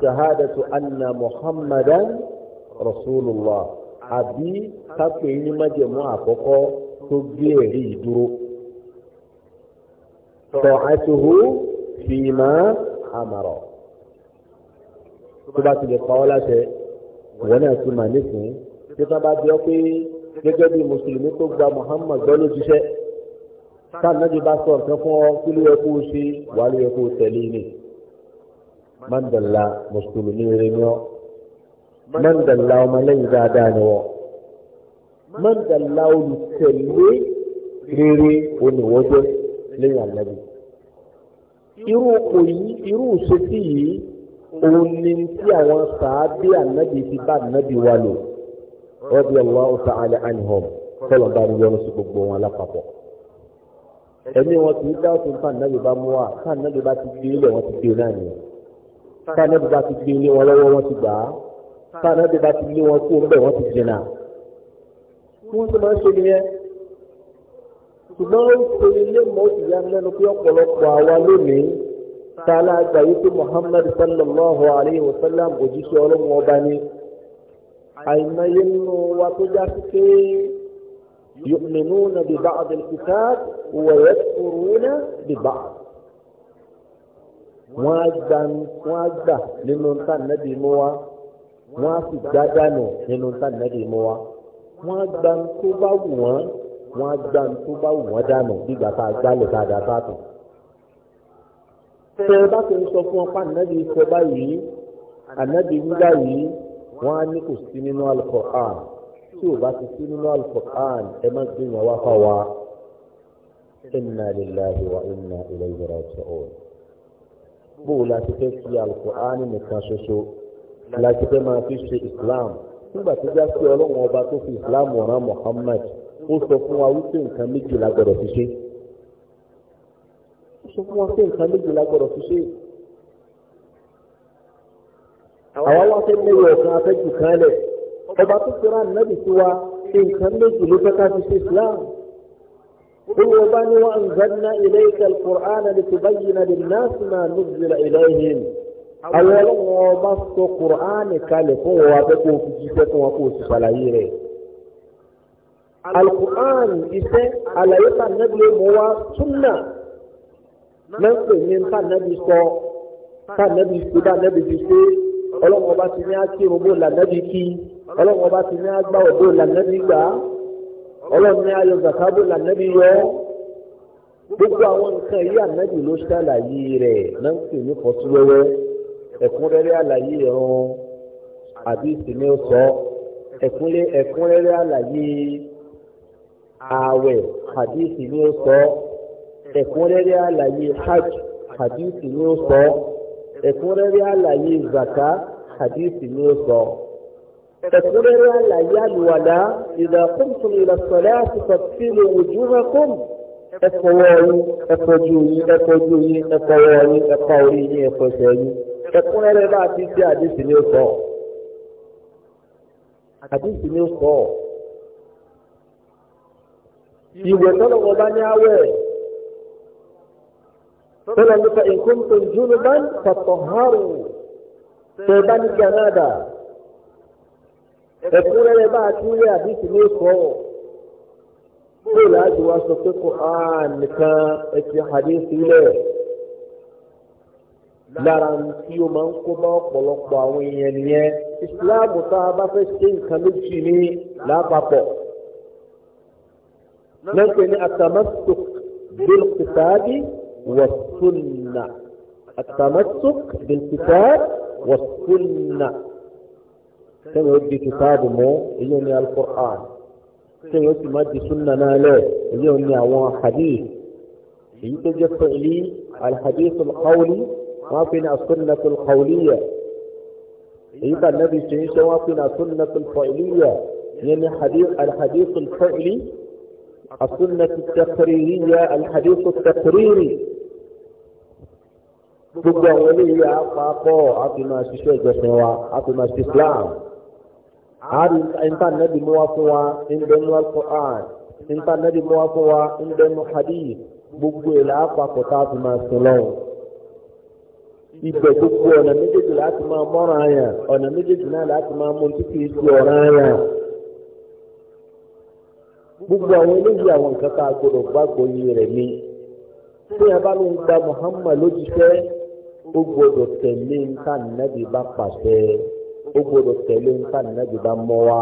shahadatu anna muhammadan rasulullah àbí kápẹ́ yìí ní májẹ̀mú àkọ́kọ́ tó gbé ẹ̀rí yìí dúró. ta'atuhu fima amara. tó bá ti lè pa ọ́ láṣẹ ìwọ náà ti mà nísìnyí tí wọ́n bá bí ọ pé gẹ́gẹ́ bí mùsùlùmí tó gba muhammad gbọ́ ló ṣiṣẹ́ táà bá sọ nǹkan fún ọ kí ló yẹ kó o ṣe wàá ló yẹ kó o tẹ̀lé ni mandala mùsùlùmí rẹ ni ọ mandala ọmọlẹ́yìn dáadáa ni wọ mandala olùtẹ̀lé rere oníwọjọ lẹ́yìn ànábì irú òkò yìí irú òṣèṣì yìí òun ni tí àwọn sàábí ànábì ti bá ànábì wa lò rọbì Allahu ta'ala anhum kọlọ bá mi yọnu sí gbogbo wọn lápapọ̀ ẹni wọn kì í dá òtún fún ànábì bá mú wa fún ànábì bá ti gbé ilẹ̀ wọn ti gbé náà nìyẹn tánàbí bá ti gbé ilé wọn lọ́wọ́ wọn ti gbà á tánàbí bá ti lé wọn kú ń bẹ̀ wọ́n ti jìnnà. wọ́n ti máa ń ṣe nìyẹn ṣùgbọ́n ó ṣe ilé mọ́ ti yá lẹ́nu pé ọ̀pọ̀lọpọ̀ àwa lónìí tálá àgbáyé pé Muhammad sallallahu alayhi wa sallam òjíṣẹ́ ọlọ́run ọba ni àìmọye nínú wa tó já sí pé yu'minuna bi ba'd al-kitab wa yakfuruna bi ba'd wọ́n á gbà wọ́n á gbà nínú ntá nàbì mú wa wọ́n á sì gbá dànù nínú ntá nàbì mú wa wọ́n á gbà tó bá wù wọ́n wọ́n á gbà tó bá wù wọ́n dànù nígbà tá a gbálẹ̀ tá a dà tá tẹ ẹ bá ti ń sọ fún ọ pé ànábì sọ báyìí ànábì ń báyìí wọ́n á ní kò sí nínú Al-Qur'an tí ò bá ti sí nínú Al-Qur'an ẹ má gbé yẹn wá fáwa. inna lillahi wa inna ilayhi raji'un bó o láti fẹ́ fi alukur'ani nìkan ṣoṣo láti fẹ́ máa fi ṣe islam nígbà tó já sí ọlọ́run ọba tó fi islam ran muhammad ó sọ fún wa wípé nǹkan méjì la gbọ́dọ̀ fi ṣe ó sọ fún wa pé nǹkan méjì la gbọ́dọ̀ fi ṣe àwa wá fẹ́ mú ọ̀kan afẹ́jù kan lẹ̀ ọba tó fi rán nábì sí wa pé nǹkan méjì ló fẹ́ ká fi ṣe islam. قل وبني وأنزلنا إليك القرآن لتبين للناس ما نزل إليهم àwọn ọlọ́wọ́ bá sọ kùránì kalẹ̀ fún wa bẹ́ẹ̀ kó fi jíṣẹ́ fún wa kó sì ṣàlàyé rẹ̀. alukùránì iṣẹ́ àlàyé tànàbí ló mú wa súnà mẹ́fẹ̀ ní tànàbí sọ tànàbí ṣe tànàbí fi ṣe ọlọ́wọ́ ti ní á kírun bó lànàbí kí ọlọ́wọ́ ti ní á gbá òbó lànàbí gbà á ọlọ́run ní ayọ̀ zakabo lànàbí yọ gbogbo àwọn nǹkan yìí ànábì ló ṣàlàyé rẹ̀ náà ń pè ní fọ́síwẹ́wẹ́ ẹ̀kúnrẹ́rẹ́ àlàyé ẹ̀rùn àbí ìsinmi sọ ẹ̀kúnrẹ́rẹ́ àlàyé ààwẹ̀ àbí ìsinmi sọ ẹ̀kúnrẹ́rẹ́ àlàyé hajj àbí ìsinmi sọ ẹ̀kúnrẹ́rẹ́ àlàyé zaka àbí ìsinmi sọ. تكبر الأيام ولا إذا قمتم إلى الصلاة فاغسلوا وجوهكم ẹ̀fọwọ́rí ẹ̀fọjú yín ẹ̀fọjú yín ẹ̀fọwọ́rí ẹ̀fọ orí yín ẹ̀fọṣẹ yín ẹ̀kúnrẹ́rẹ́ bá ti ṣe àdìsí ni ó sọ àdìsí ni ó sọ ìwé tọ́lọ́wọ́ bá ní awẹ́ tọ́lọ́wọ́ nípa ìkóńtò júlù bá ń tọ̀tọ̀ hàrù tẹ̀ bá ní granada ẹ̀kúnrẹ́rẹ́ bá a ti rí àdìsí ní ìkọ́ ọ̀ bóyá láti wá sọ pé Qur'an nìkan ẹ ti àdìsí lẹ̀ lára tí ó máa ń kó bá ọ̀pọ̀lọpọ̀ àwọn èèyàn nìyẹn Islam tá a bá fẹ́ ṣe nǹkan méjì ní lápapọ̀ lẹ́sẹ̀ ní atamasuk bilkitaabi wa sunna atamasuk bilkitaabi wa sunna kéèyàn ó di kìtáàbù mú èyí ni alukur'an kéèyàn ó sì má di súnà náà lẹ̀ èyí ni àwọn hadith èyí tó jẹ́ pẹ̀lú alhadith alqawli wọ́n fi ní asúnà tó alqawliya èyí tá nàbì ṣe ń ṣe wọ́n fi ní asúnà tó alfa'liya yẹn ni alhadith alfa'li asúnà tó taqririya alhadith taqriri gbogbo àwọn eléyìí àpapọ̀ àfi máa ṣiṣẹ́ ìjọsìn wa àfi máa ṣe Islam àárí nípa nabi mú wá fún wa ńbẹ́nu alukur'an nípa nẹ́bí mú wá fún wa ńbẹ́nu hadith gbogbo ẹ̀ là á papọ̀ tá a fi máa sin lọ́wọ́ ibẹ̀ gbogbo ọ̀nà méjèèjì láti máa mọ́ra yàn ọ̀nà méjèèjì náà láti máa mú títí ju ọ̀ra yàn gbogbo àwọn eléyìí àwọn nǹkan tá a gbọdọ̀ gbàgbọ́ yìí rẹ̀ ni tí a bá ló ń gba Muhammad lójúṣẹ́ ó gbọdọ̀ tẹ̀lé nǹkan nàbì bá pàṣẹ ó gbọdọ̀ tẹ̀lé nǹkan nàbì bá mọ́ wa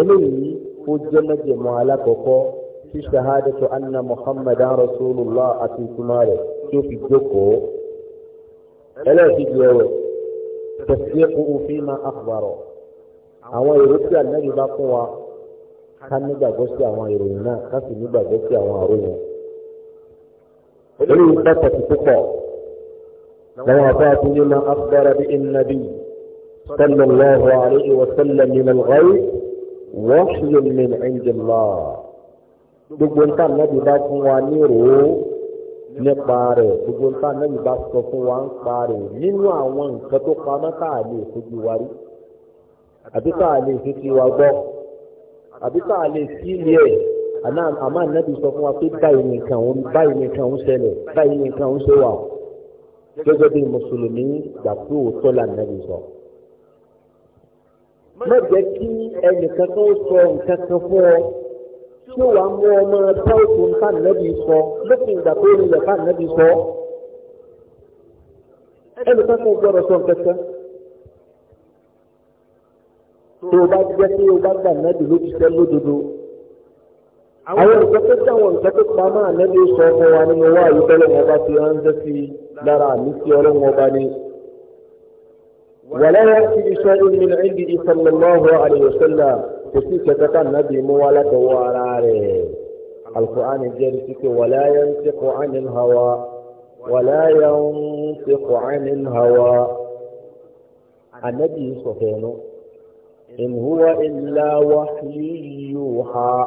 eléyìí ó jẹ́ mẹ́jẹ̀mọ́ alákọ̀ọ́kọ́ tí shahadatu anna muhammadan rasulullah àti ìtumá rẹ̀ tí ó fi jókòó ẹlẹ́ẹ̀kejì ẹ̀wẹ̀ tẹ̀sí òfin máa àkùbàrọ̀ àwọn èrò tí ànábì bá fún wa ká nígbàgbọ́ sí àwọn ìròyìn náà ká sì nígbàgbọ́ sí àwọn àròyìn. eléyìí pàtàkì púpọ̀ làwọn àbá àti yìí máa àkùbàrọ̀ bí ẹnìnàbí صلى الله عليه وسلم من الغيب وحي من عند الله gbogbo ń tàn nábì bá fún wa nírò nípa rẹ̀ gbogbo ń tàn nábì bá sọ fún wa ń pa rẹ̀ nínú àwọn nǹkan tó pamọ́ tá a lè fojú wa rí àbí tá a lè fetí wa gbọ́ àbí tá a lè sí ilé ẹ̀ àmọ́ ànábì sọ fún wa pé báyìí nìkan òun báyìí nìkan òun ṣẹlẹ̀ báyìí nìkan òun ṣe wà gẹ́gẹ́ bí mùsùlùmí gbà òótọ́ là ànábì sọ. So má jẹ́ kí ẹnìkan tó sọ nǹkan kan fún ọ tí ó wà mú ọmọ táwùtù nǹkan nẹ́bí sọ lókè ìgbà tó ń lẹ̀ fáà sọ ẹnìkan kan gbọ́dọ̀ sọ nǹkan kan tó o bá jẹ́ pé o bá gbà nẹ́bí ló ti lódodo àwọn nǹkan tó dáwọn nǹkan tó pa máa nẹ́bí sọ fún wa nínú wáyé tọ́lọ́mọba ti ránṣẹ́ sí lára àmì sí ọlọ́mọba ni. ولا يأتي بشيء من عنده صلى الله عليه وسلم تسيك كتا النبي موالك القرآن الجريسك ولا ينطق عن الهوى ولا ينطق عن الهوى النبي سبحانه إن هو إلا وحي يوحى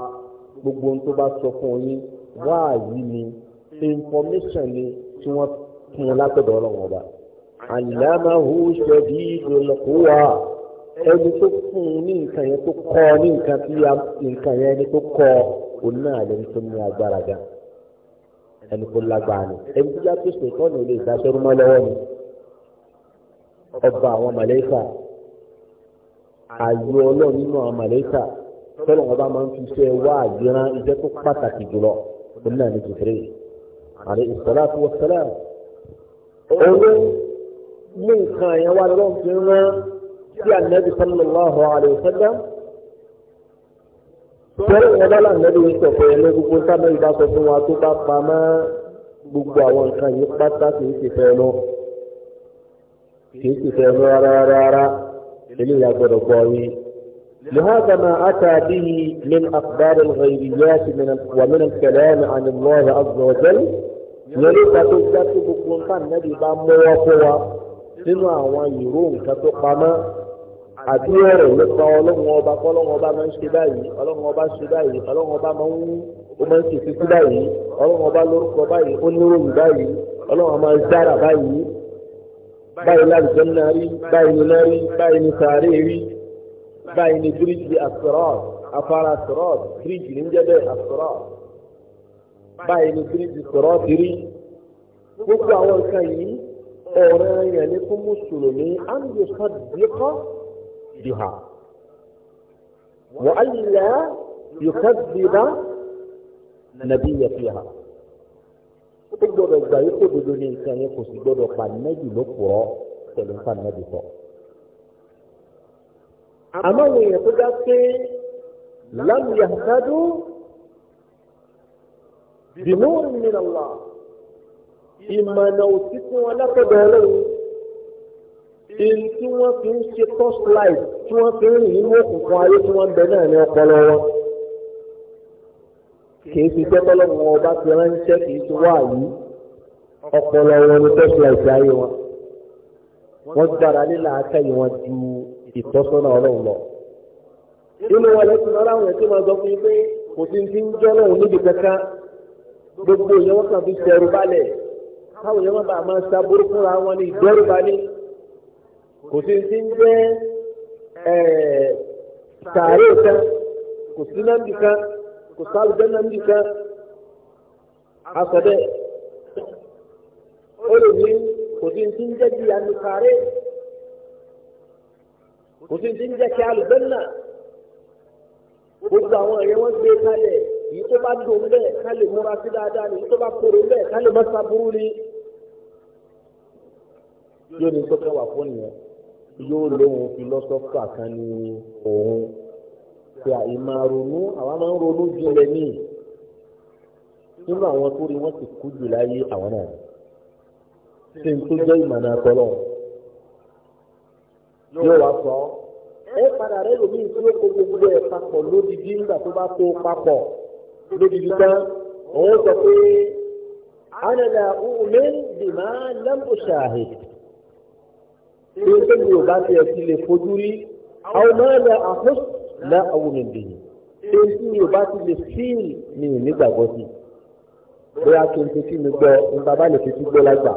gbogbo tó bá sọ fún yín wáàyí ni information ni tí wọ́n fún un látọ̀dọ̀ ọlọ́run ọba àlámàhù ṣẹ̀dí ìdòlòkúwà ẹni tó fún un ní nǹkan yẹn tó kọ́ ní nǹkan tí a nǹkan yẹn ẹni tó kọ́ òun náà lẹni tó ní agbára gan ẹni tó lágbára ni ẹni tó yàtọ̀ ṣètọ́ ni olè ìdáṣẹ́rú lọ́wọ́ ni ọba àwọn màlẹ́kà àyè ọlọ́run nínú àwọn màlẹ́kà tọ́lọ̀ ọba máa ń fi iṣẹ́ wá àyíran iṣẹ́ tó pàtàkì jùlọ òun náà ni jìbìrì mú nǹkan yẹn wá lọ́wọ́ fi rán sí ànábì sallallahu alayhi wa sallam. Sọ́rọ̀ yẹn bá lànàbì yìí sọ̀kọ̀ yẹn ní gbogbo sábà ìbá sọ fún wa tó bá pa mọ́ gbogbo àwọn nǹkan yìí pátá kì í ti fẹ́ lọ. Kì í ti fẹ́ lọ rárá rárá. Eléyà gbọ́dọ̀ gbọ́ yìí. لهذا ما أتى به من أخبار الغيبيات من ومن الكلام عن الله عز وجل يلي تتكتب كنت النبي بامو وقوة nínú àwọn ìró nǹkan tó pamọ́ àbí ọ̀rọ̀ nípa ọlọ́run ọba kọ́ ọlọ́run ọba máa ń ṣe báyìí ọlọ́run ọba ṣe báyìí ọlọ́run ọba máa ń ó máa ń ṣe títí báyìí ọlọ́run ọba lórúkọ báyìí ó ní ròyìn báyìí ọlọ́run ọba ń dára báyìí báyìí láwùjọ náà rí báyìí ní náà báyìí ní sàárè rí báyìí ní bíríìjì àsọ̀rọ̀ afárá sọ̀rọ̀ bíríìjì ní jẹ́bẹ̀ àsọ̀rọ̀ báyìí أراي لكم كمسلمي أن يصدق بها وألا يكذب نبي فيها تقدر زايقو بدون أما ويقدر بنور من الله ìmọ̀nà òsì fún wọn látọ̀dọ̀ ọlọ́run èyí tí wọ́n fi ń ṣe first life tí wọ́n fi ń rìn nínú òkùnkùn ayé tí wọ́n ń bẹ náà ní ọpọlọ wọn kì í fi tẹ́tọ́lọ́ wọn ọba ti ránṣẹ́ kì í ti wá yìí ọpọlọ wọn ní first life ayé wọn wọ́n gbára nílà akẹ́yìn wọn ju ìtọ́sọ́nà ọlọ́run lọ. nínú wọn lẹ́sìn náà láwọn ẹ̀sìn máa sọ fún yín pé kò sí ti ń jọ́ lọ́run níbi kankan gbogbo ìyẹn wọ́n kàn fi ṣẹ̀rù balẹ̀ káwọn yẹn má bàa máa ṣàbúrú fúnra wọn ní ìdẹ́rùbá ní kò sí ti ń jẹ́ sàárè kan kò sí náà nìkan kò sáàlù bẹ́ẹ̀ náà nìkan asọ̀dẹ́ ó lè ní kò sí ti ń jẹ́ bí àmì sàárè kò sí ti ń jẹ́ kí àlù bẹ́ẹ̀ náà gbogbo àwọn ẹ̀yẹ́ wọ́n gbé kalẹ̀ yìí tó bá dùn bẹ́ẹ̀ ká múra sí dáadáa nìyí tó bá kóró bẹ́ẹ̀ ká lè mọ́ ni yóò ní sọ́kẹ́ wà fún nìyẹn yóò lóhun fìlọ́sọ́fà kan ní òun ṣe àìmọ̀ ronú àwọn máa ń ronú jinlẹ̀ ní nínú àwọn tó rí wọ́n ti kú jù láyé àwọn náà ṣe ń tó jẹ́ ìmọ̀nà àtọ́lọ́ yóò wá sọ ẹ padà rẹ lómi tí ó kó gbogbo ẹ papọ̀ lódìdí nígbà tó bá kó papọ̀ lódìdí tán òun sọ pé ànàdà òun lé dìmá lẹ́mùsáàhìd ṣé ṣé mi ò bá ti ẹ̀ ti lè fojú rí àwọn máa ń lọ àhóṣ lá àwọn ènìyàn ṣé ṣé mi ò bá ti lè fíìlì mi ò nígbàgbọ́ sí bóyá kí n ti fi mi gbọ́ nípa bá lè fi fi gbọ́ lágbà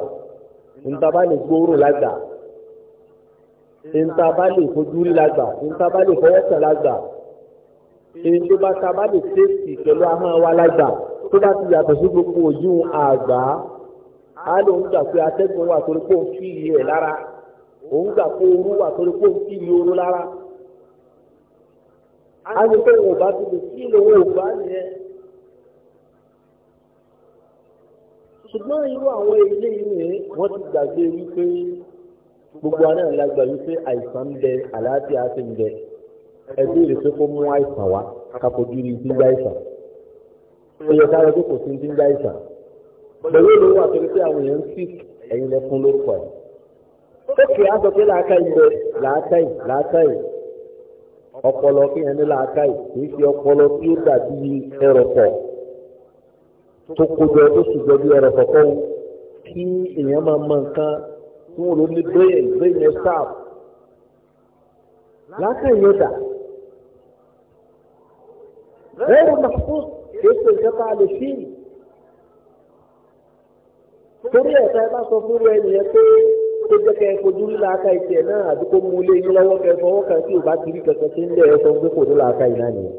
nípa bá lè gbóòórùn lágbà nípa bá lè fojú rí lágbà nípa bá lè fọwọ́ kàn lágbà èyí bá ta bá lè tẹ́sì pẹ̀lú ahọ́n wa lágbà tó bá ti yàtọ̀ sí gbogbo òyìn àgbà á lòun gbà pé atẹ́gùn wà torí pé òun fi iye ẹ̀ lára òun gbà pé orú wà torí pé òun kì í orú lára á ní pé òun ò bá ti lè kí lówó ògbà nìyẹn. ṣùgbọ́n irú àwọn ilé ìwé wọ́n ti gbàgbé wípé gbogbo àná la gbà wípé àìsàn ń bẹ àlàáfíà ti ń bẹ ẹbí rẹ pé kó mú àìsàn wá kápojú ní ti ń gbá àìsàn ó yẹ káyọ̀ pé kò sí ti ń gbá àìsàn pẹ̀lú ìlú wà torí pé àwọn èèyàn ń sick ẹ̀yin lẹ lórúkọ yìí sókè á sọ pé làákàyè rẹ làákàyè làákàyè ọpọlọ kí ẹni làákàyè kì í ṣe ọpọlọ tí ó dàbí ẹrọ̀pọ̀ tó kojọ tó ṣùgbọ́n bí ẹrọ̀pọ̀ kọ́ kí èèyàn máa mọ nǹkan tí wọ́n lò ní brain brain ẹ̀ sáà làákàyè yóò dà rẹ́rù màkúù kì í ṣe nǹkan tá a torí ẹ̀ka ẹ bá sọ fún ẹnìyẹn pé tó jẹ́ kẹ́ ẹ fojú rí làákà ìtẹ̀ náà àti kó mú ilé yín lọ́wọ́ kẹ́ fọwọ́ kan tí ò bá ti rí kẹ̀kẹ́ tí ń lẹ̀ ẹ sọ pé kò ní làákà ìlà nìyẹn.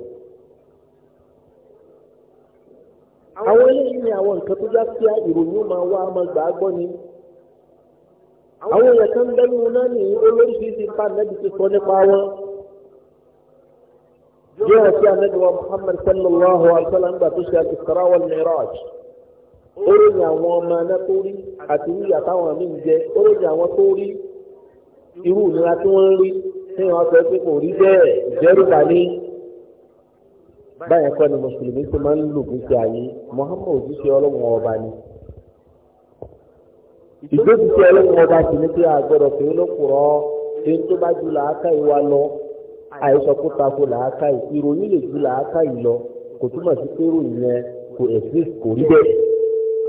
àwọn eléyìí ni àwọn nǹkan tó já sí ìròyìn máa wá máa gbà gbọ́ ni àwọn èèyàn kan lẹ́nu náà ní olóríṣiríṣi bá nẹ́bí ti sọ nípa wọn. Jẹ́ ọ̀sẹ̀ ànágbèwà Muhammad sallallahu alaihi wa sallam gbà tó ṣe al-Isra wal-Mi'raj. oróyìn àwọn ọmọ aná tó rí àti irú àtàwọn táwọn míì jẹ oróyìn àwọn tó rí irú ìnira tí wọ́n ń rí ní wọ́n sọ pé kò rí bẹ́ẹ̀ ìjẹ́rùbá ní. báyẹn kọ́ ni mùsùlùmí máa ń lò ọba ni. ọba ní pé àgbọ̀dọ̀ lọ kó tako làákà yìí ìròyìn lè lọ kò túmọ̀ sí pé ìròyìn yẹn kò exist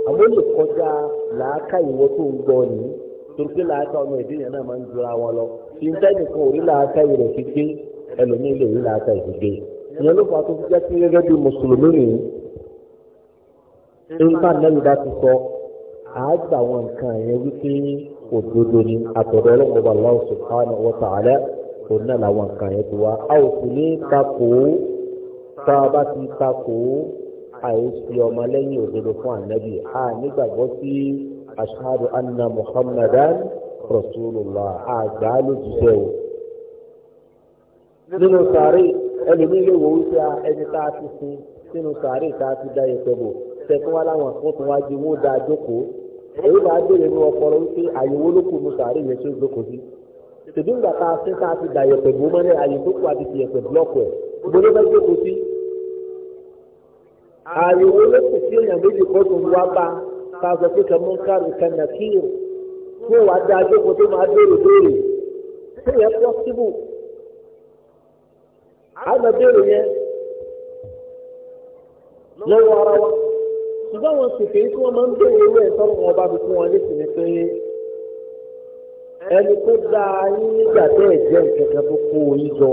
àmọ́ lè kọjá làákà ìwọ tó ń gbọ́ ni torí pé làákà ọmọ ìdí yẹn náà máa ń jura wọn lọ fi ń tẹ́lẹ̀ kan òrí làákà ìrẹ̀ fi gbé ẹlòmíín lè rí làákà ìfi gbé ìyẹn ló fà tó fi jẹ́ sí gẹ́gẹ́ bí mùsùlùmí nìyí nípa náà bá ti sọ àgbà wọn nǹkan yẹn wípé òdodo ni àtọ̀dọ̀ ọlọ́run ọba Allah subhanahu wa ta'ala òun náà làwọn nǹkan yẹn ti wá a ò sì ní takò àìsí ọmọlẹ́yìn òdodo fún ànábì a nígbàgbọ́ sí ashhadu anna muhammadan rasulullah àgbà lójúṣẹ́ o. nínú sàárè ẹlòmíì lè wò wípé ẹni tá a ti sin sínú sàárè tá a ti dá yẹn pẹ̀lú tẹ̀kún wa láwọn fún tún wá ju wọn jókòó èyí bá béèrè ní ọpọlọ wípé àyẹ̀wò ló ní sàárè yẹn tó jókòó sí. tèmi tá a sin tá a ti dá yẹn pẹ̀lú mọ́lẹ̀ àyè tó kù àti ti yẹn pẹ̀lú ọ̀pọ̀ ààyè wo ló kù sí èèyàn méjì kó tó wá bá ká sọ pé kàmú kárù kànà kíyò fún wàá dá ajókòó tó máa béèrè béèrè tó yẹ pọ́sibù àmọ́ béèrè yẹn lọ́wọ́ ara wa ṣùgbọ́n àwọn kìkì tí wọ́n máa ń béèrè owó ẹ̀ sọ́run wọn bá fi fún wọn létí ni pé ẹni tó dáa yín nígbà tẹ́ ẹ̀ jẹ́ ìkẹ̀kẹ́ tó kó o yín jọ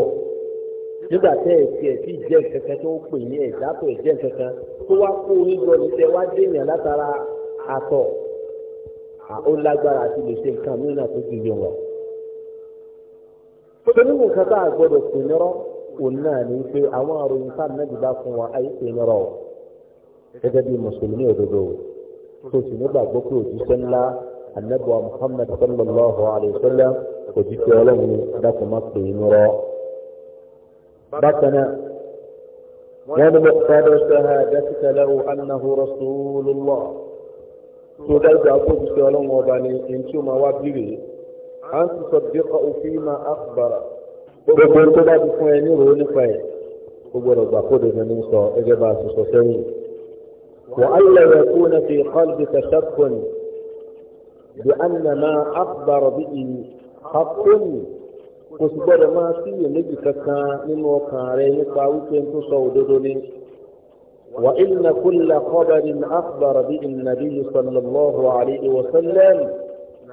nígbà tẹ́ ẹ̀ tiẹ̀ tí jẹ́ kankan tó pè ní ẹ̀dá tó ẹ̀ jẹ́ kankan tó wá kó orí lọ ní tẹ́ wá dé èèyàn látara àtọ̀ ó lágbára àti lè ṣe nǹkan mí náà tó ti yọ wọ. torí nǹkan tá a gbọ́dọ̀ pè nírọ́ òun náà ní pé àwọn àròyìn sáà náà dìbà fún wa ayé pè nírọ́ o gẹ́gẹ́ bí mùsùlùmí òdodo tó sì nígbàgbọ́ pé òjíṣẹ́ ńlá anábọ̀ Muhammad sallallahu alayhi wa sallam òjíṣẹ́ ọlọ́run dákùnmá pè nírọ́. بكنا ومقتضى شهادتك له أنه رسول الله سودان جاكوب سيولون وباني انتو ما وابيري أن تصدقه فيما أخبر gbogbo tó bá ti fún ẹ ní ìròyìn nípa ẹ gbogbo rẹ̀ gbàkóde ní ní sọ ẹgbẹ́ bá a ti sọ sẹ́yìn. wà á lè rẹ̀ kú ní fi kọ́lbì tẹ̀sẹ̀kùn bí a nà máa àkùbàrọ̀ bí i àkùnrin kò sì gbọ́dọ̀ máa síyèméjì kankan nínú ọkàn rẹ nípa wípé tó sọ òdodo ni. وإن كل خبر أخبر به النبي صلى الله عليه وسلم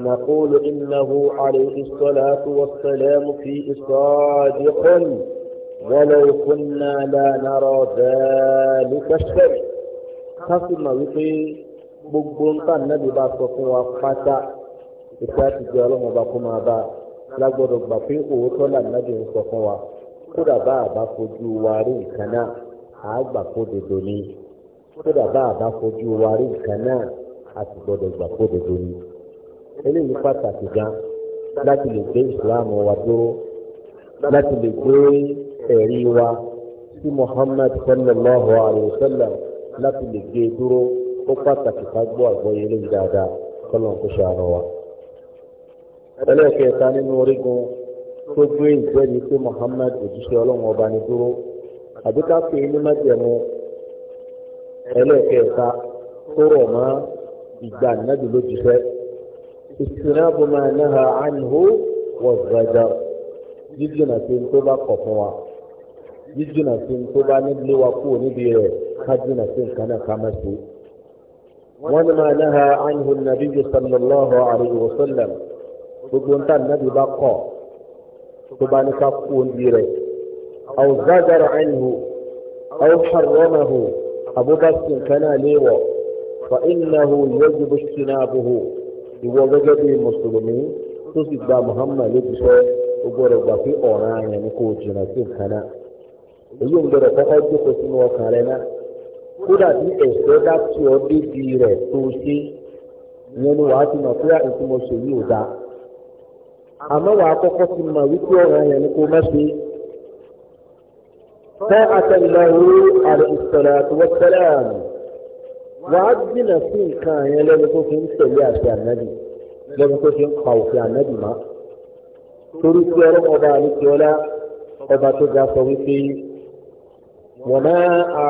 نقول إنه عليه الصلاة والسلام في صادق ولو كنا لا نرى ذلك الشيء خصم وفي بقبون النبي باصفه وقتا إتاتي جالهم وباقما باقما lágbọ́dọ̀ gbà pé òótọ́ làǹdàdì ń sọ fún wa kódà bá a bá fojú wa rí nǹkan náà à á gbà kó dodo ni kódà bá a bá fojú wa rí nǹkan náà a sì gbọ́dọ̀ gbà kó dodo ni. eléyìí pàtàkì gan láti lè gbé ìsìláàmù wa dúró láti lè gbé ẹ̀rí wa sí Muhammad sallallahu alayhi wa sallam láti lè gbé e dúró ó pàtàkì ká gbọ́ àgbọ́yé lóyún dáadáa kọ́lọ́n kó ṣe àrùn wa ẹlẹ́ẹ̀kẹta nínú orígun tó gbé ìjẹ́rìí pé Muhammad òjíṣẹ́ ọlọ́run ọba ni dúró àbí ká pè é ní májẹ̀mú ẹlẹ́ẹ̀kẹta tó rọ̀ mọ́ ìgbà náàbì lójúṣẹ́ ìsìnàbù máa náà àníhó wọ̀zọ̀jà jíjìnà sí ní tó bá kọ̀ fún wa jíjìnà sí ní tó bá nílé wa kúrò níbi rẹ̀ ká jìnà sí nǹkan náà ká má wọ́n ní máa náà àníhó nàbí sallallahu alayhi wa sallam gbogbo ń tà nàbí bá kọ̀ tó bá ní ká kú òǹdí rẹ̀ àwọn zádàrà ẹ̀yìnwó àwọn ṣàrọ̀mọ̀hó àbúkà sí nǹkan náà léwọ̀ fa ìnáwó yẹ́jú bó ṣe náà bóhó ìwọ gẹ́gẹ́ bí mùsùlùmí tó sì gba muhammad lójú sọ ó gbọ́dọ̀ gbà pé ọ̀ràn àyàn ni kò jìnnà sí èyí ń gbọ́dọ̀ kọ́kọ́ jókòó sínú ọkàn rẹ náà kódà bí ẹ̀ṣẹ̀ bá tí ọ débi rẹ̀ tó ṣe ìyẹn ni wàá ti mọ̀ pé àìsí mo ṣèyí ò dáa àmọ́ wàá kọ́kọ́ ti mọ̀ wípé ọ̀ràn yẹn ni kò má ṣe. fẹ́ àtẹnudáwó àrẹ ìsọ̀rọ̀ àti wọ́tẹ́rẹ́ àmì wàá jìnnà sí nǹkan yẹn lẹ́nu tó fi ń tẹ̀lé àti ànábì lẹ́nu tó fi ń pa òfin ànábì má. torí pé ọlọ́mọ ọba ọba tó ga sọ wípé وما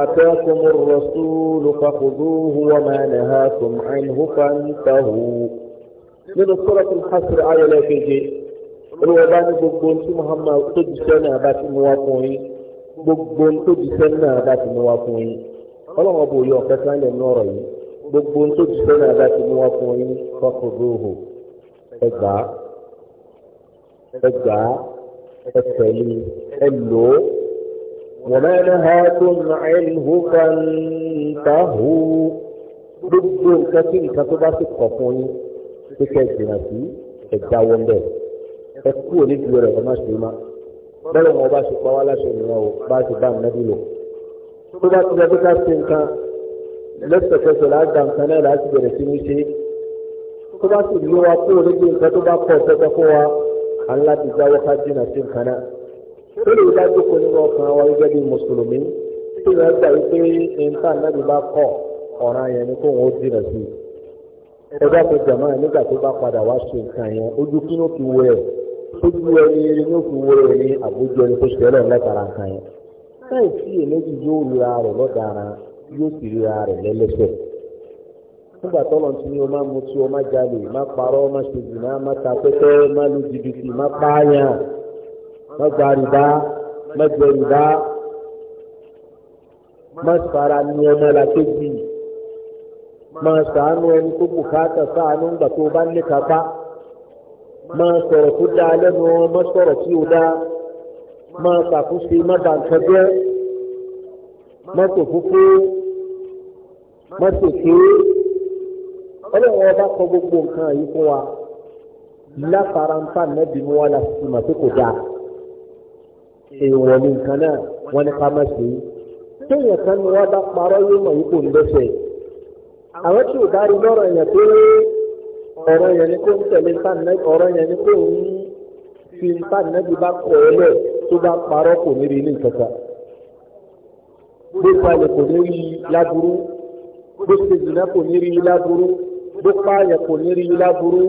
آتاكم الرسول فخذوه وما نهاكم عنه فانتهوا من سورة الحصر آية لا تجي olùwà bá ní gbogbo tí muhammad tó jíṣẹ́ náà bá ti mú wá fún yín gbogbo tó jíṣẹ́ náà bá ti mú wá fún yín ọlọ́wọ́n bò yọ ọ̀fẹ́ sáńdẹ̀ ní ọ̀rọ̀ yìí gbogbo tó jíṣẹ́ náà bá wá fún yín fọkùrúhù ẹgbà ẹgbà ẹtẹ̀lé ẹlò wọ̀mẹ́rin ha tó ń ẹni gbogbo nǹkan tí nǹkan tó bá ti kọ̀ fún yín kíkẹ́ ìgbìyànjú ẹgbà wọn ẹ kú òní ju rẹ̀ ọmọ sí ma bẹ́ẹ̀ wọn bá ṣe pa wá láṣẹ ìran o bá ṣe bá nàbí lò tó bá ti lọ bí ká ṣe nǹkan lẹ́sẹ̀kẹsẹ̀ láàgbà nǹkan náà láti bẹ̀rẹ̀ sí ní ṣe tó bá sì lé wa kú òní ju nǹkan tó bá pọ̀ pẹ́pẹ́ fún wa à ń láti já wọ́ká jìnnà sí nǹkan náà tó lè dá jókòó nínú ọkàn wa gẹ́gẹ́ bí mùsùlùmí tó yẹ gbà wípé nǹkan náà bá kọ̀ ọ̀ràn yẹn ni kó wọn ó ojú ẹni eré ní òfin wo rẹ̀ ní àbójú ẹni tó ṣe ọlọ́run lẹ́tara nǹkan yẹn láì sí èméjì yóò ríra rẹ̀ lọ́daràn yóò sì ríra rẹ̀ lẹ́lẹ́sẹ̀ nígbà tọ́lọ̀ tí ní o máa mutí o máa jalè má parọ́ má ṣe jìnnà má ta pẹ́pẹ́ má lu jìbìtì má pààyàn má gba má jẹ má fara ní ọmọ làkejì má ṣàánú ẹni tó bùkátà ṣàánú ńgbà tó o bá ní kápá máa sọ̀rọ̀ tó dáa lẹ́nu wọn má sọ̀rọ̀ tí ò dáa máa ṣàkóso má bà nǹkan jẹ́ mọ́tò fúfú mọ́tò kéé ọlọ́run ọba kọ gbogbo nǹkan yìí fún wa láfara ń fà nẹ́bí mú wa la sì mà pé kò dáa èèwọ̀ ní nǹkan náà wọ́n ní ká má ṣe é téèyàn kan ni wọ́n bá parọ́ yóò mọ̀ yìí kò ń dẹ́sẹ̀ àwọn tí ò bá lọ́rọ̀ yẹn pé ọ̀rọ̀ yẹn ni kó ń tẹ̀lé sànẹ́bí ọ̀rọ̀ yẹn ni kó ń fi sànẹ́bí bá kọ̀ ọ́ lẹ̀ tó bá parọ́ kò ní rí ní ìkẹta bó palẹ̀ kò ní rí láburú bó ṣèjìnà kò ní rí láburú bó pààyàn kò ní rí láburú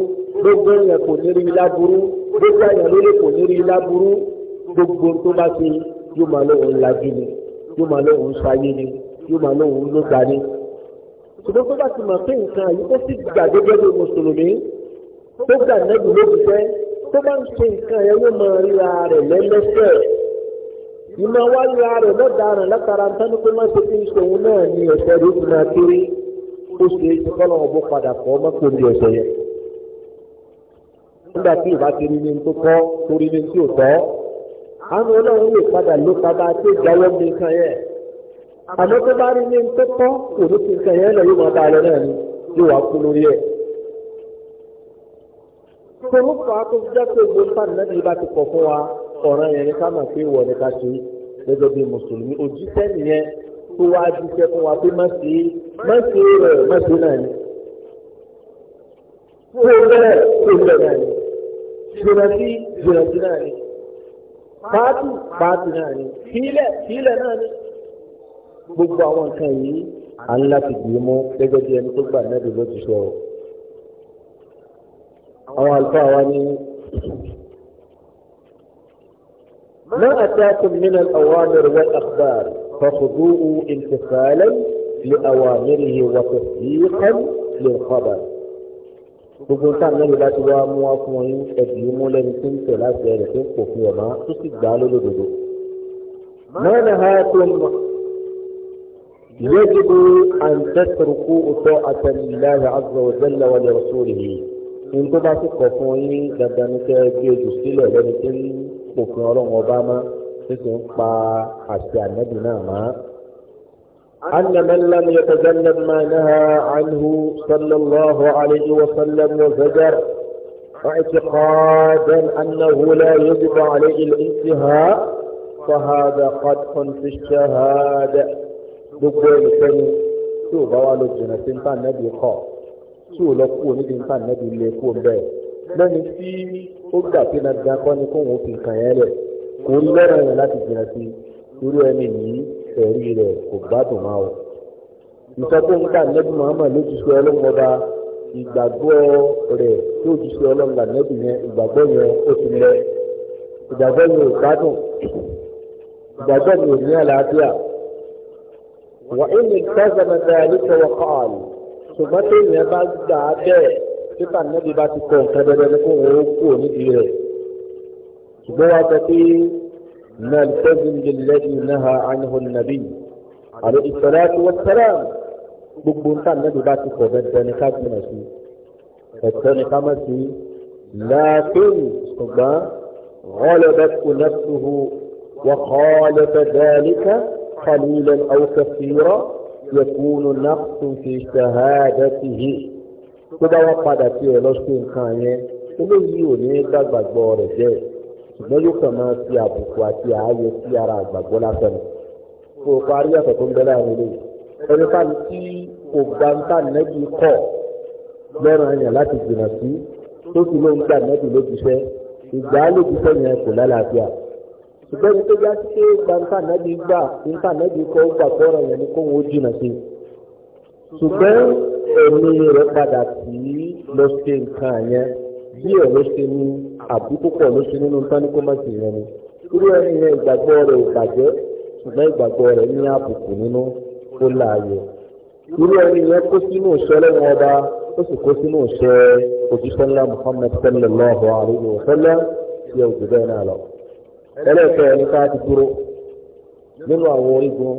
bó gbẹ̀yàn kò ní rí láburú bó pààyàn lólè kò ní rí láburú gbogbo tó bá ṣe yóò máa lóun lajú ni yóò máa lóun ṣayé ni yóò máa lóun lóga ni ṣùgbọ́n tó bá ti mọ̀ pé nǹkan yìí tó sì gbà gẹ́gẹ́ bí mùsùlùmí tó gbà nẹ́bí lójúṣẹ́ tó bá ń ṣe nǹkan yẹn yóò máa ríra rẹ̀ lẹ́lẹ́sẹ̀ ìmọ̀ wá ríra rẹ̀ lọ́daràn látara ntánú pé má ṣe fi ń ṣe òun náà ní ẹ̀sẹ̀ rẹ̀ ó máa kéré ó ṣe é ṣe kọ́lọ́ ọ̀bọ padà kọ́ mọ́kò ní yẹn. nígbà tí ìbá ti rí ni tó kọ́ torí ni tí ò tọ́ àmọ́ tó bá rí ní tó tọ́ òní ti sàn yẹn lọ yóò máa bá a lọ náà ni yóò wá kú lórí ẹ̀. tòun fà á tó jẹ́ pé gbogbo sáà náà ní bá ti pọ̀ fún wa ọ̀ràn yẹn ní ká mà pé ìwọ ni ká ṣe gẹ́gẹ́ bí mùsùlùmí òjíṣẹ́ nìyẹn tó wá jíṣẹ́ fún wa pé má ṣe má ṣe rẹ̀ má ṣe náà ni. kó o bẹ̀rẹ̀ kó bẹ̀rẹ̀ náà ni jìnnà sí náà ni pàtì pàtì náà ni sílẹ̀ sílẹ̀ náà ni gbogbo àwọn nǹkan yìí à ń láti dì í mú gẹ́gẹ́ bí ẹni tó gbà nẹ́bí ló ti sọ. àwọn àlùfáà wa ní. ما أتاكم من الأوامر والأخبار فخذوه امتثالا لأوامره وتصديقا للخبر gbogbo nǹkan náà nígbà tí wàá mú wá fún wọn yín ẹbí mú lẹni tó ń tẹ̀ láti ẹ̀rẹ̀ tó ń pò fún ọ̀mà tó sì gbà á lólódodo. mọ́nà ha tó ń يجب أن تتركوا طاعة لله عز وجل ولرسوله إن تبع تقفوني لبنك جيجو سيلة لكن بكرة أوباما تسن قا أشياء نبينا ما أن من لم يتجنب ما نهى عنه صلى الله عليه وسلم وزجر اعتقادا أنه لا يجب عليه الانتهاء فهذا قدح في الشهادة gbogbo ẹnikẹ́ni tí ò bá wà lọ jìnnà sí nǹkan nẹ́bí kọ̀ tí ò lọ kú oníbi nǹkan nẹ́bí lé kú bẹ́ẹ̀ lẹ́ni tí ó gbà pé náà gan kọ́ ni kó òun fi kàn yẹn lẹ̀ kò ń lọ́rọ̀ yẹn láti jìnnà sí irú ẹni yìí ẹ̀rí rẹ̀ kò gbádùn máa wọ̀. ìsọkó nǹkan nẹ́bí Muhammad ló ti sọ ọlọ́mọba ìgbàgbọ́ rẹ̀ tó ti sọ ọlọ́mọba nẹ́bí yẹn ìgbàgbọ́ yẹn ó ti lẹ̀ ìgbàgbọ́ yẹn ò gbádùn ìgbàgbọ́ yẹn ò ní àlàáfíà. وإن التزم ذلك وقال سمت يبعد دعاك تتعن نبي بات الكون تبدأ نكون غروب ونجيه سبوة تتي نلتزم بالذي نهى عنه النبي عليه الصلاة والسلام بقبون تعن نبي باتي كون بدأ نكاك من أسي فتني خمسي لكن سبا غلبت نفسه وخالف ذلك قليلا أو كثيرا يكون نقص في شهادته كذا وقد في لشكين خانية eléyìí ò ní gbàgbàgbọ́ rẹ̀ jẹ́ ṣùgbọ́n yóò kàn máa fi àbùkù àti ààyè sí ara àgbàgbọ́ lásán kó o parí ẹ̀sọ̀ tó ń bẹ láàrin ilé ẹni káàdì tí kò gba ń tà nẹ́bí kọ̀ lọ́rùn àyàn láti jìnnà sí tó sì ló ń gbà nẹ́bí lójúṣẹ́ ìgbà lójúṣẹ́ yẹn kò lálàáfíà ṣùgbọ́n ní tó bá ti pé gbàǹtà nàbí gbà níta nàbí kọ́ gbà fọ́ọ̀rọ̀ yẹn ni kó wọ́n jìnnà sí. ṣùgbọ́n ẹ̀mí rẹ̀ padà sí lọ ṣe nǹkan yẹn bí ọ̀rọ̀ ṣe ní àbúkúpọ̀ ló ṣe nínú tánikọ́mọ̀sì yẹn ni. irú ẹni yẹn ìgbàgbọ́ rẹ̀ ò bàjẹ́ ṣùgbọ́n ìgbàgbọ́ rẹ̀ ní àbùkù nínú ó láàyè. irú ẹni yẹn kó sínú ìṣẹ́lẹ̀ wọn ọba ó sì kó sínú ìṣẹ́ Muhammad sallallahu alayhi wa sallam ẹlẹ́fẹ̀ẹ́ ní ká ti dúró nínú àwọn orígun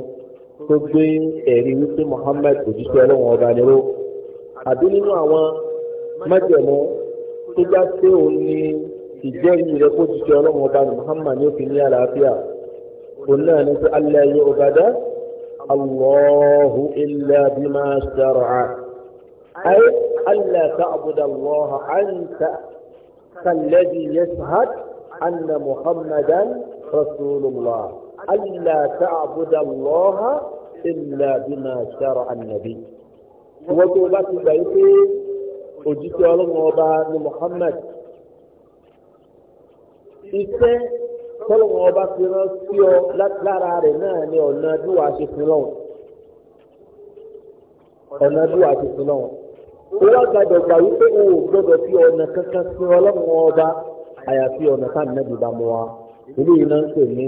tó gbé ẹ̀rí wípé Muhammad òjíṣẹ́ ọlọ́wọ́n ọba níró àbí nínú àwọn májẹ̀mú tó já sí òun ní ìjẹ́rìí rẹ̀ kó jíṣẹ́ ọlọ́wọ́n ọba ní Muhammad ní òfin ní àlàáfíà òun náà ní pé alẹ́ ọba dá Allahu illa bima shar'a ayé alẹ́ ta àbúdà Allah anta kàlẹ́dì yẹn أن muhammadan رسول الله. ألا تعبد الله إلا بما شرع النبي. tó bá ti gbà محمد. pé òjíṣẹ́ ọlọ́run ọba ni muhammad iṣẹ́ tọ́lọ́wọ́n ọba fi rán sí ọ lára rẹ̀ náà ni ọ̀nà bí ṣe fún lọ́wọ́ ọ̀nà bí ṣe fún lọ́wọ́ wọ́n gbàdọ̀ wípé o fi ọ̀nà kankan sí ọlọ́run ọba àyàfi ọ̀nà táwọn nàbì bá mú wa eléyìí náà ń pè ní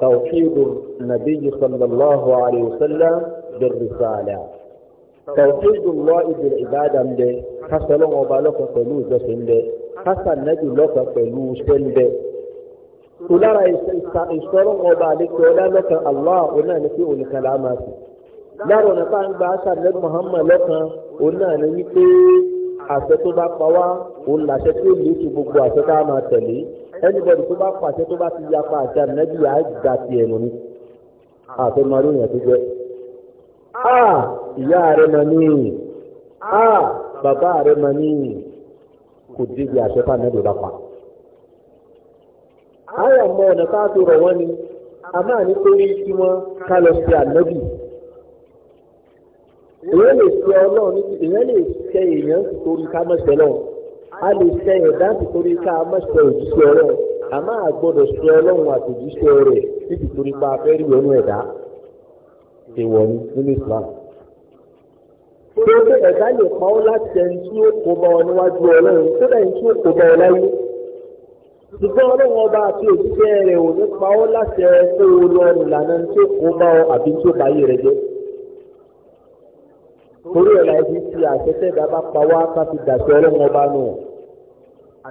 tawhidu nabiyyi sallallahu alayhi wa sallam birrisala tawhidu Allahi bil ibada ń bẹ kásọ̀lọ́ wọn ọba lọ́kàn pẹ̀lú ìjọsìn ń bẹ kásà nàbì lọ́kàn pẹ̀lú iṣẹ́ ń bẹ. Tulára ìsọ̀rọ̀ wọn ọba àlekè ọlá lọ́kàn Allah ọ̀nà ní pé olùkàlà máa Lára ọ̀nà tá gba àṣà nẹ́bí Muhammad lọ́kàn ọ̀nà ní wípé àṣẹ tó bá pa wá òun làṣẹ tó lè tu gbogbo àṣẹ tá a máa tẹ̀lé ẹnìbọ̀dì tó bá pàṣẹ tó bá ti yapa àṣẹ ànábì yà á gbà ti ẹ̀nu ni àti mọ́rí yẹn tó jẹ́. a ìyá rẹ̀ mọ̀ ní a bàbá rẹ̀ mọ̀ ní kò débi àṣẹ tá ànábì bá pa. àyà mọ ọ̀nà ká tó rọ̀ wọ́n ni a máa ní pé kí wọ́n ká lọ sí ànábì. èèyàn lè ṣe ọlọ́run níbi èèyàn lè ṣe èèyàn torí ká mọ̀ṣẹ́ a lè ṣe ẹ̀dá torí ká mọ̀ṣẹ́ òjíṣẹ́ ọlọ́run àmọ́ àgbọ̀dọ̀ ṣe ọlọ́run àtòjíṣẹ́ rẹ̀ níbi torí pa afẹ́rí ọ̀nù ẹ̀dá ni nínú ẹ̀dá lè pa ọ́ láti ẹni tí ó kó bá ọ níwájú ọlọ́run tó ẹni tí ó kó bá ọ láyé. Ṣùgbọ́n ọlọ́run ọba àti òjíṣẹ́ rẹ̀ ò ní pa ọ́ láti torí ẹ̀ láì fi ti àtẹ́tẹ́ dábàá pa wá ká fi dàṣẹ ọlọ́run ọba nù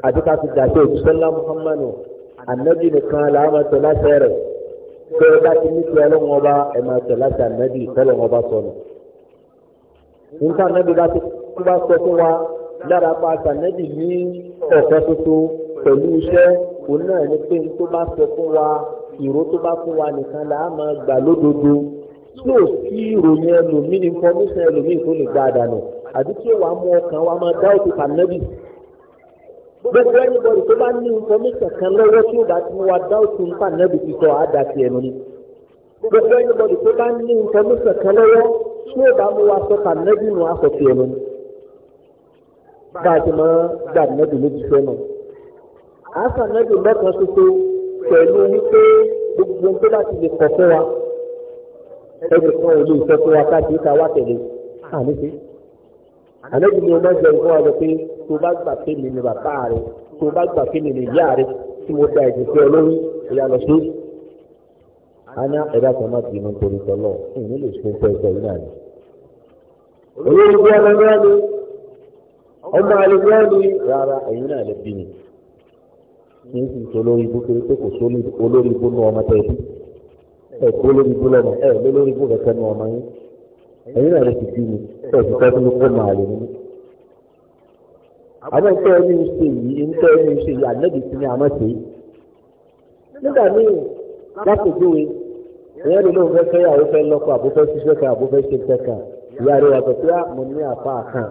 àti ká fi dàṣẹ òṣìṣẹ́lá muhammadu anabi nìkan làwọn ẹ̀tọ́ láṣẹ rẹ̀ tó o bá ti ní ti ọlọ́run ọba ẹ̀ máa tẹ̀ láṣẹ anabi ìfẹ́lẹ̀ ọba sọnù. níta anabi bá ti kú bá sọ fún wa lára pa àtànẹ́bì ní ọ̀fẹ́ tuntun pẹ̀lú iṣẹ́ òun náà ni pé tó bá sọ fún wa ìró tó bá fún wa nìkan là á gbà lódodo tí ò sí ìròyìn ẹlòmíì ní fọmísìn ẹlòmíì tó lè gba àdànù àbí tí ó wàá mú ọkàn wa máa dá òkè kànẹ́bì gbogbo ẹnìbọdì tó bá ní fọmísìn kan lọ́wọ́ tí ó bá ti wá dá òkè kànẹ́bì ti sọ àdá ti ẹnu ni gbogbo ẹnìbọdì tó bá ní fọmísìn kan lọ́wọ́ tí ó bá mú wa sọ kànẹ́bì nù àkọ́ ti ẹnu ni bá a ti máa gbà nẹ́bì méjì sẹ́nu àṣà nẹ́bì mẹ́kan ṣoṣo pẹ̀lú wípé gbogbo ohun tó bá ti ẹni fún ẹni ìfẹ́ fún wákàtí ìka wá tẹ̀lé àní pé àlejò ni ọmọ ẹgbẹ́ nǹkan ọ̀dọ̀ pé tó bá gbà pé mi ni bàbá rẹ o bá gbà pé mi ni ìyá rẹ tí mo gba ẹ̀jẹ̀ sí ọ lórí ìyá lọ sí. aná ẹ̀dá kan má bínú torí tọ́lọ̀ èmi lè sún fẹ́ sọ yìí náà ni. olórí bí ọmọ ẹgbẹ́ ni ọmọ ẹgbẹ́ ni rárá ẹ̀yin náà lè bí mi. kì í sì sọ lórí ibú pé kò sórí olórí ibú nù ọmọ tẹ̀ bí ẹ kó lórí ibú lẹ́nu ẹ lé lórí ibú kẹ̀kẹ́ nu ọmọ yín ẹ̀yin náà lè ti bí mi ẹ ti fẹ́ fún kó máa lè mú. àmọ́ nǹkan ẹni ń ṣe yìí nǹkan ẹni ń ṣe yìí ànábì ti ní àmọ́ ṣe. nígbà míì lápèjúwe ìyá mi lóun fẹ́ fẹ́ yà ó fẹ́ lọ́kọ àbúfẹ́ ṣiṣẹ́ kan àbúfẹ́ ṣe fẹ́ kan ìyá rẹ̀ yàtọ̀ pé ah, mo ní àfa kan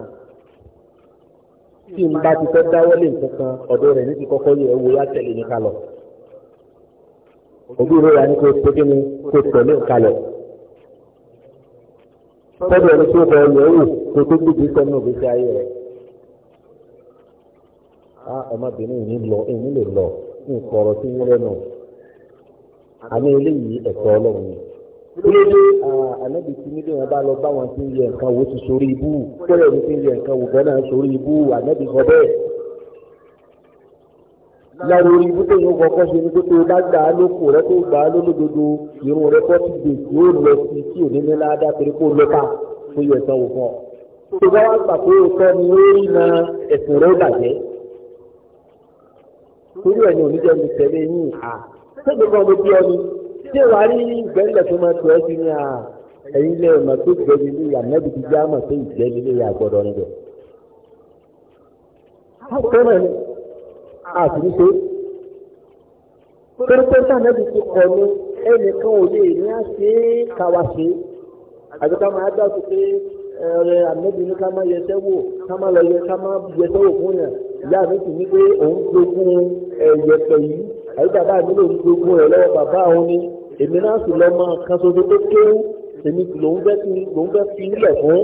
tí n bá ti fẹ́ dáwọ́lé nǹkan kan ọ̀dọ̀ rẹ̀ ní ti kọ́kọ́ yẹ ẹ wo yá tẹ̀lé mi ká lọ òbí ìrora ní kò ṣe kí ni kò tẹ̀lé ìkalẹ̀. Tọ́jú ẹni tí ó bọ̀ ọ̀lẹ́ wò kó tó gbèdé sẹ́nu ògbésí ayé rẹ̀. Á ọmọbìnrin yìí lọ èyí lè lọ ní ìkọ̀rọ̀ tí ń rẹ́nu. Àmì eléyìí ẹ̀tọ́ ọlọ́run ni. Ilé ní ànábì tí nílé wọn bá lọ bá wọn ti ń yẹ nǹkan wo ti sórí ibú. Tọ́lẹ̀ ti ń yẹ nǹkan wò bẹ́ẹ̀ náà sórí ibú ànábì sọ bẹ́ẹ̀ lára orí ibú tó yẹ kọ́kọ́ ṣe ni pé tó bá gbà á lóko rẹ tó gbà á lólódodo irun rẹ fọ́tí dèjì yóò lọ sí tí ò ní ní ládàá torí kó lọ́pàá tó yẹ sanwó fún ọ. tó bá wá gbà pé o tọ́ ni ó rí na ẹ̀sùn rẹ bàjẹ́. torí ẹ̀ ní oníjẹ́ mi tẹ̀lé yín à sẹ́gbẹ̀ẹ́ kan ló bí ọ ni tí ìwà rí gbẹ̀ngàn tó máa tọ́ ẹ sí ni à ẹ̀yin lè mọ̀ tó gbẹ̀mí ní ànábì ti já mọ̀ tó ìgbẹ́ni lè yà gbọ́dọ̀ níbẹ̀ àdúgbò pẹ́ẹ́pẹ́ sàmẹ́bí ti kọ̀ ní ẹnìkan ò lè ní àṣẹ káwa ṣe àgbẹ̀ká máa dá sí pé ẹ̀rẹ̀ àmẹ́bí ní ká máa yẹsẹ́ wò ká máa lọ yẹ ká máa yẹsẹ́ wò fún yàn ìyá mi sì ní pé òun gbógun ẹ̀yẹ̀pẹ̀ yìí àyè bàbá mi lòun gbógun rẹ̀ lọ́wọ́ bàbá òun ni èmi náà sì lọ́ máa kan ṣoṣo tó kéwù èmi sì lòun fẹ́ fi lòun fẹ́ fi nílẹ̀ fún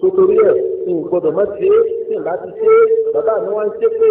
sotori ẹ̀ n gbọ́dọ̀ má ṣe é sì ń ti ṣe é bàbá mi wá ń ṣépè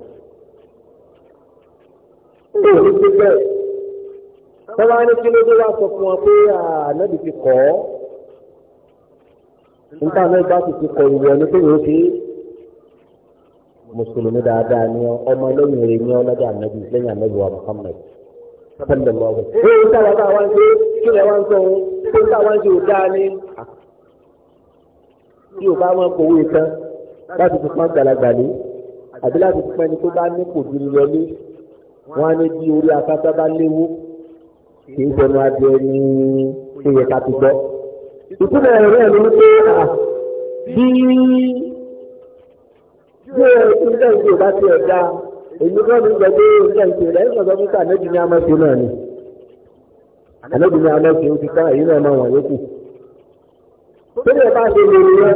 kò ní sí bẹ́ẹ̀. Tọ́lá ní kí ló dé wá sọ fún wọn pé ànábì ti kọ́ ọ́. Níta náà bá ti ti kọ ìwé ẹni tó yóò ṣe é. Mùsùlùmí dáadáa ni ọmọ lẹ́yìn rẹ̀ ní ọlọ́dọ̀ ànábì lẹ́yìn ànábì wa Muhammad. Sọ́dọ̀ lọ́wọ́. Ṣé ìta wa bá wá ń ṣe kí lè wá ń sọ òun? Ṣé ìta wa ń ṣe òdá ni? Bí o bá máa ń kọ̀wé tán láti fi pọ́n gbàlagbà lé àbí láti fi pọ́n tó bá ní kò wọ́n á ní bí orí akátá bá léwó kì í sọnù adìẹ ní oyè ká ti gbọ́. ìtumọ̀ ẹ̀rọ ẹ̀ ló ń pé bí bí ìpínlẹ̀ ìṣòro bá ti ẹ̀dá èyí kọ́ ní sọ pé ìpínlẹ̀ ìṣòro ẹ̀ ń sọ pé ànábì ní amọ̀sí náà ni ànábì ní amọ̀sí ó ti ká èyí náà máa wọ̀nyókù. tó ní ẹ̀ bá ṣe lè rí ẹ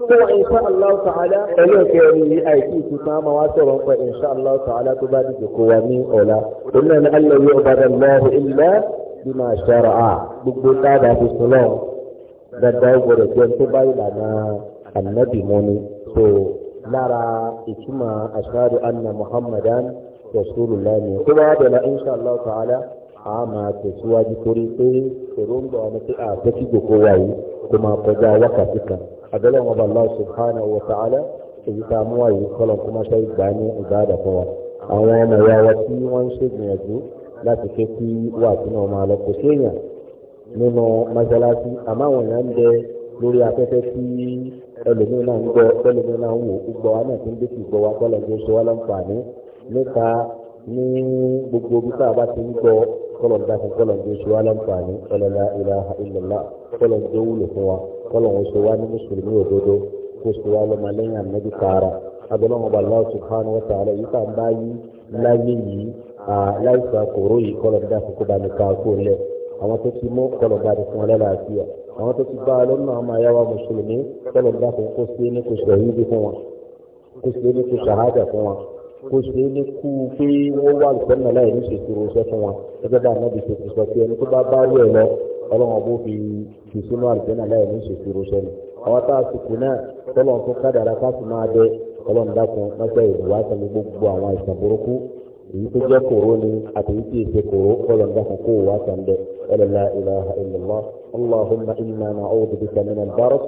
Fún insha Allah ta'ala. Ẹlú kẹrin yìí àìsí ìtìsán máa wá sọ̀rọ̀ pẹ̀ insha Allah ta'ala tó bá dìbò kó wa ní ọ̀la. Òun náà ni Allah yóò bá dàn lọ́wọ́ ilẹ̀ bí máa ṣẹ́ra à. Gbogbo táàdà fi sùn náà. Dandan gbọdọ̀ jẹ́ tó bá ìlànà ànábì mọ́ni. So lára ìtumọ̀ ashhadu anna Muhammadan Rasulullah ni. Tó bá dọ̀la insha Allah ta'ala a máa tẹ̀síwájú torí pé èròǹgbà ọmọ tí a fẹ́ kí gbogbo wa kó máa kọjá wákàtí kan àbẹ́lẹ̀ wọn bá Allah subhanahu wa ta'ala èyí tá a mú wáyé kọ́lọ̀ kó má ṣe ìgbà ní ìbáàdà fún wa àwọn ọmọ ìyá wa tí wọ́n ń ṣègbìyànjú láti ké kí wà tí náà máa lọ kò sí èèyàn nínú mọ́ṣáláṣí àmọ́ àwọn èèyàn ń bẹ lórí afẹ́fẹ́ tí ẹlòmíràn náà ń gbọ́ ẹlòmíràn náà ń wò ó gbọ́ wa náà ti ń dé ti gbọ́ kọ́lọ̀ tó ṣe wá láǹfààní níta ní gbogbo bí tá bá ti ń gbọ́ kọ́lọ̀ dákun kọ́lọ̀ tó ṣe wá láǹfààní ọlọ́lá ilaha illallah kọ́lọ̀ tó wúlò fún wa kọ́lọ́hún ṣe wá ní mùsùlùmí òdodo kó ṣe wá lọ́mọ lẹ́yìn ànábì tààrà abẹ́lẹ́wọ̀n bá lọ́wọ́ subhanahu wa ta'ala yìí kà ń bá yí láyé yìí láìsàn kòró yìí kọ́lọ̀ ń dákun kó bá mi ká kó lẹ̀ àwọn tó ti mú kọ́lọ̀ bá mi fún ọ lálàáfíà àwọn tó ti bá a lọ́nà àwọn àyàwó mùsùlùmí kọ́lọ̀ ń dákun kó ṣe é ní kò ṣàhídì fún wọn kó ṣe ní kò ṣàhádà fún wọn kó ṣe ní kú pé wọ́n wà lùfẹ́ nàlá ní ṣètò ìrọ̀ṣẹ́ fún wọn ẹgbẹ́ bá àná ọlọ́run ọ̀bọ fi fi sínú àlùjẹ́nà láì ní ìṣèṣirò sẹ́nu àwọn tá a ti kù náà tọ́lọ̀ tó kádàrá ká sì máa bẹ ọlọ́run dákun lọ́sẹ̀ ìwà sẹ́nu gbogbo àwọn àìsàn burúkú èyí tó jẹ́ kòró ni àti èyí tí ì ṣe kòró ọlọ́run dákun kó wà sàn bẹ ọlọ́lá ilaha illallah allahumma inna na'udhu bika min al-barq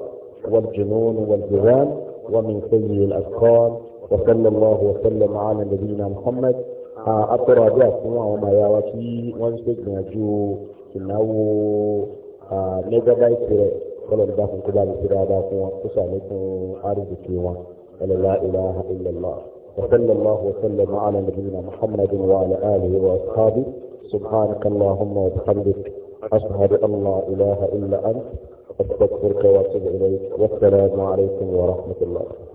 wal-junun wal-jizam wa min sayyi al àwọn ọmọ tí wọ́n ń ṣe gbìyànjú ìnáwó megabyte rẹ̀ kọ́lọ̀ ní dákun kó bá mi síra bá fún wọn kó sàlékún àrídìkì wọn la ilaha illallah وصلى الله وسلم على نبينا محمد وعلى اله واصحابه سبحانك اللهم وبحمدك اشهد ان لا اله الا انت استغفرك واتوب اليك والسلام عليكم ورحمه الله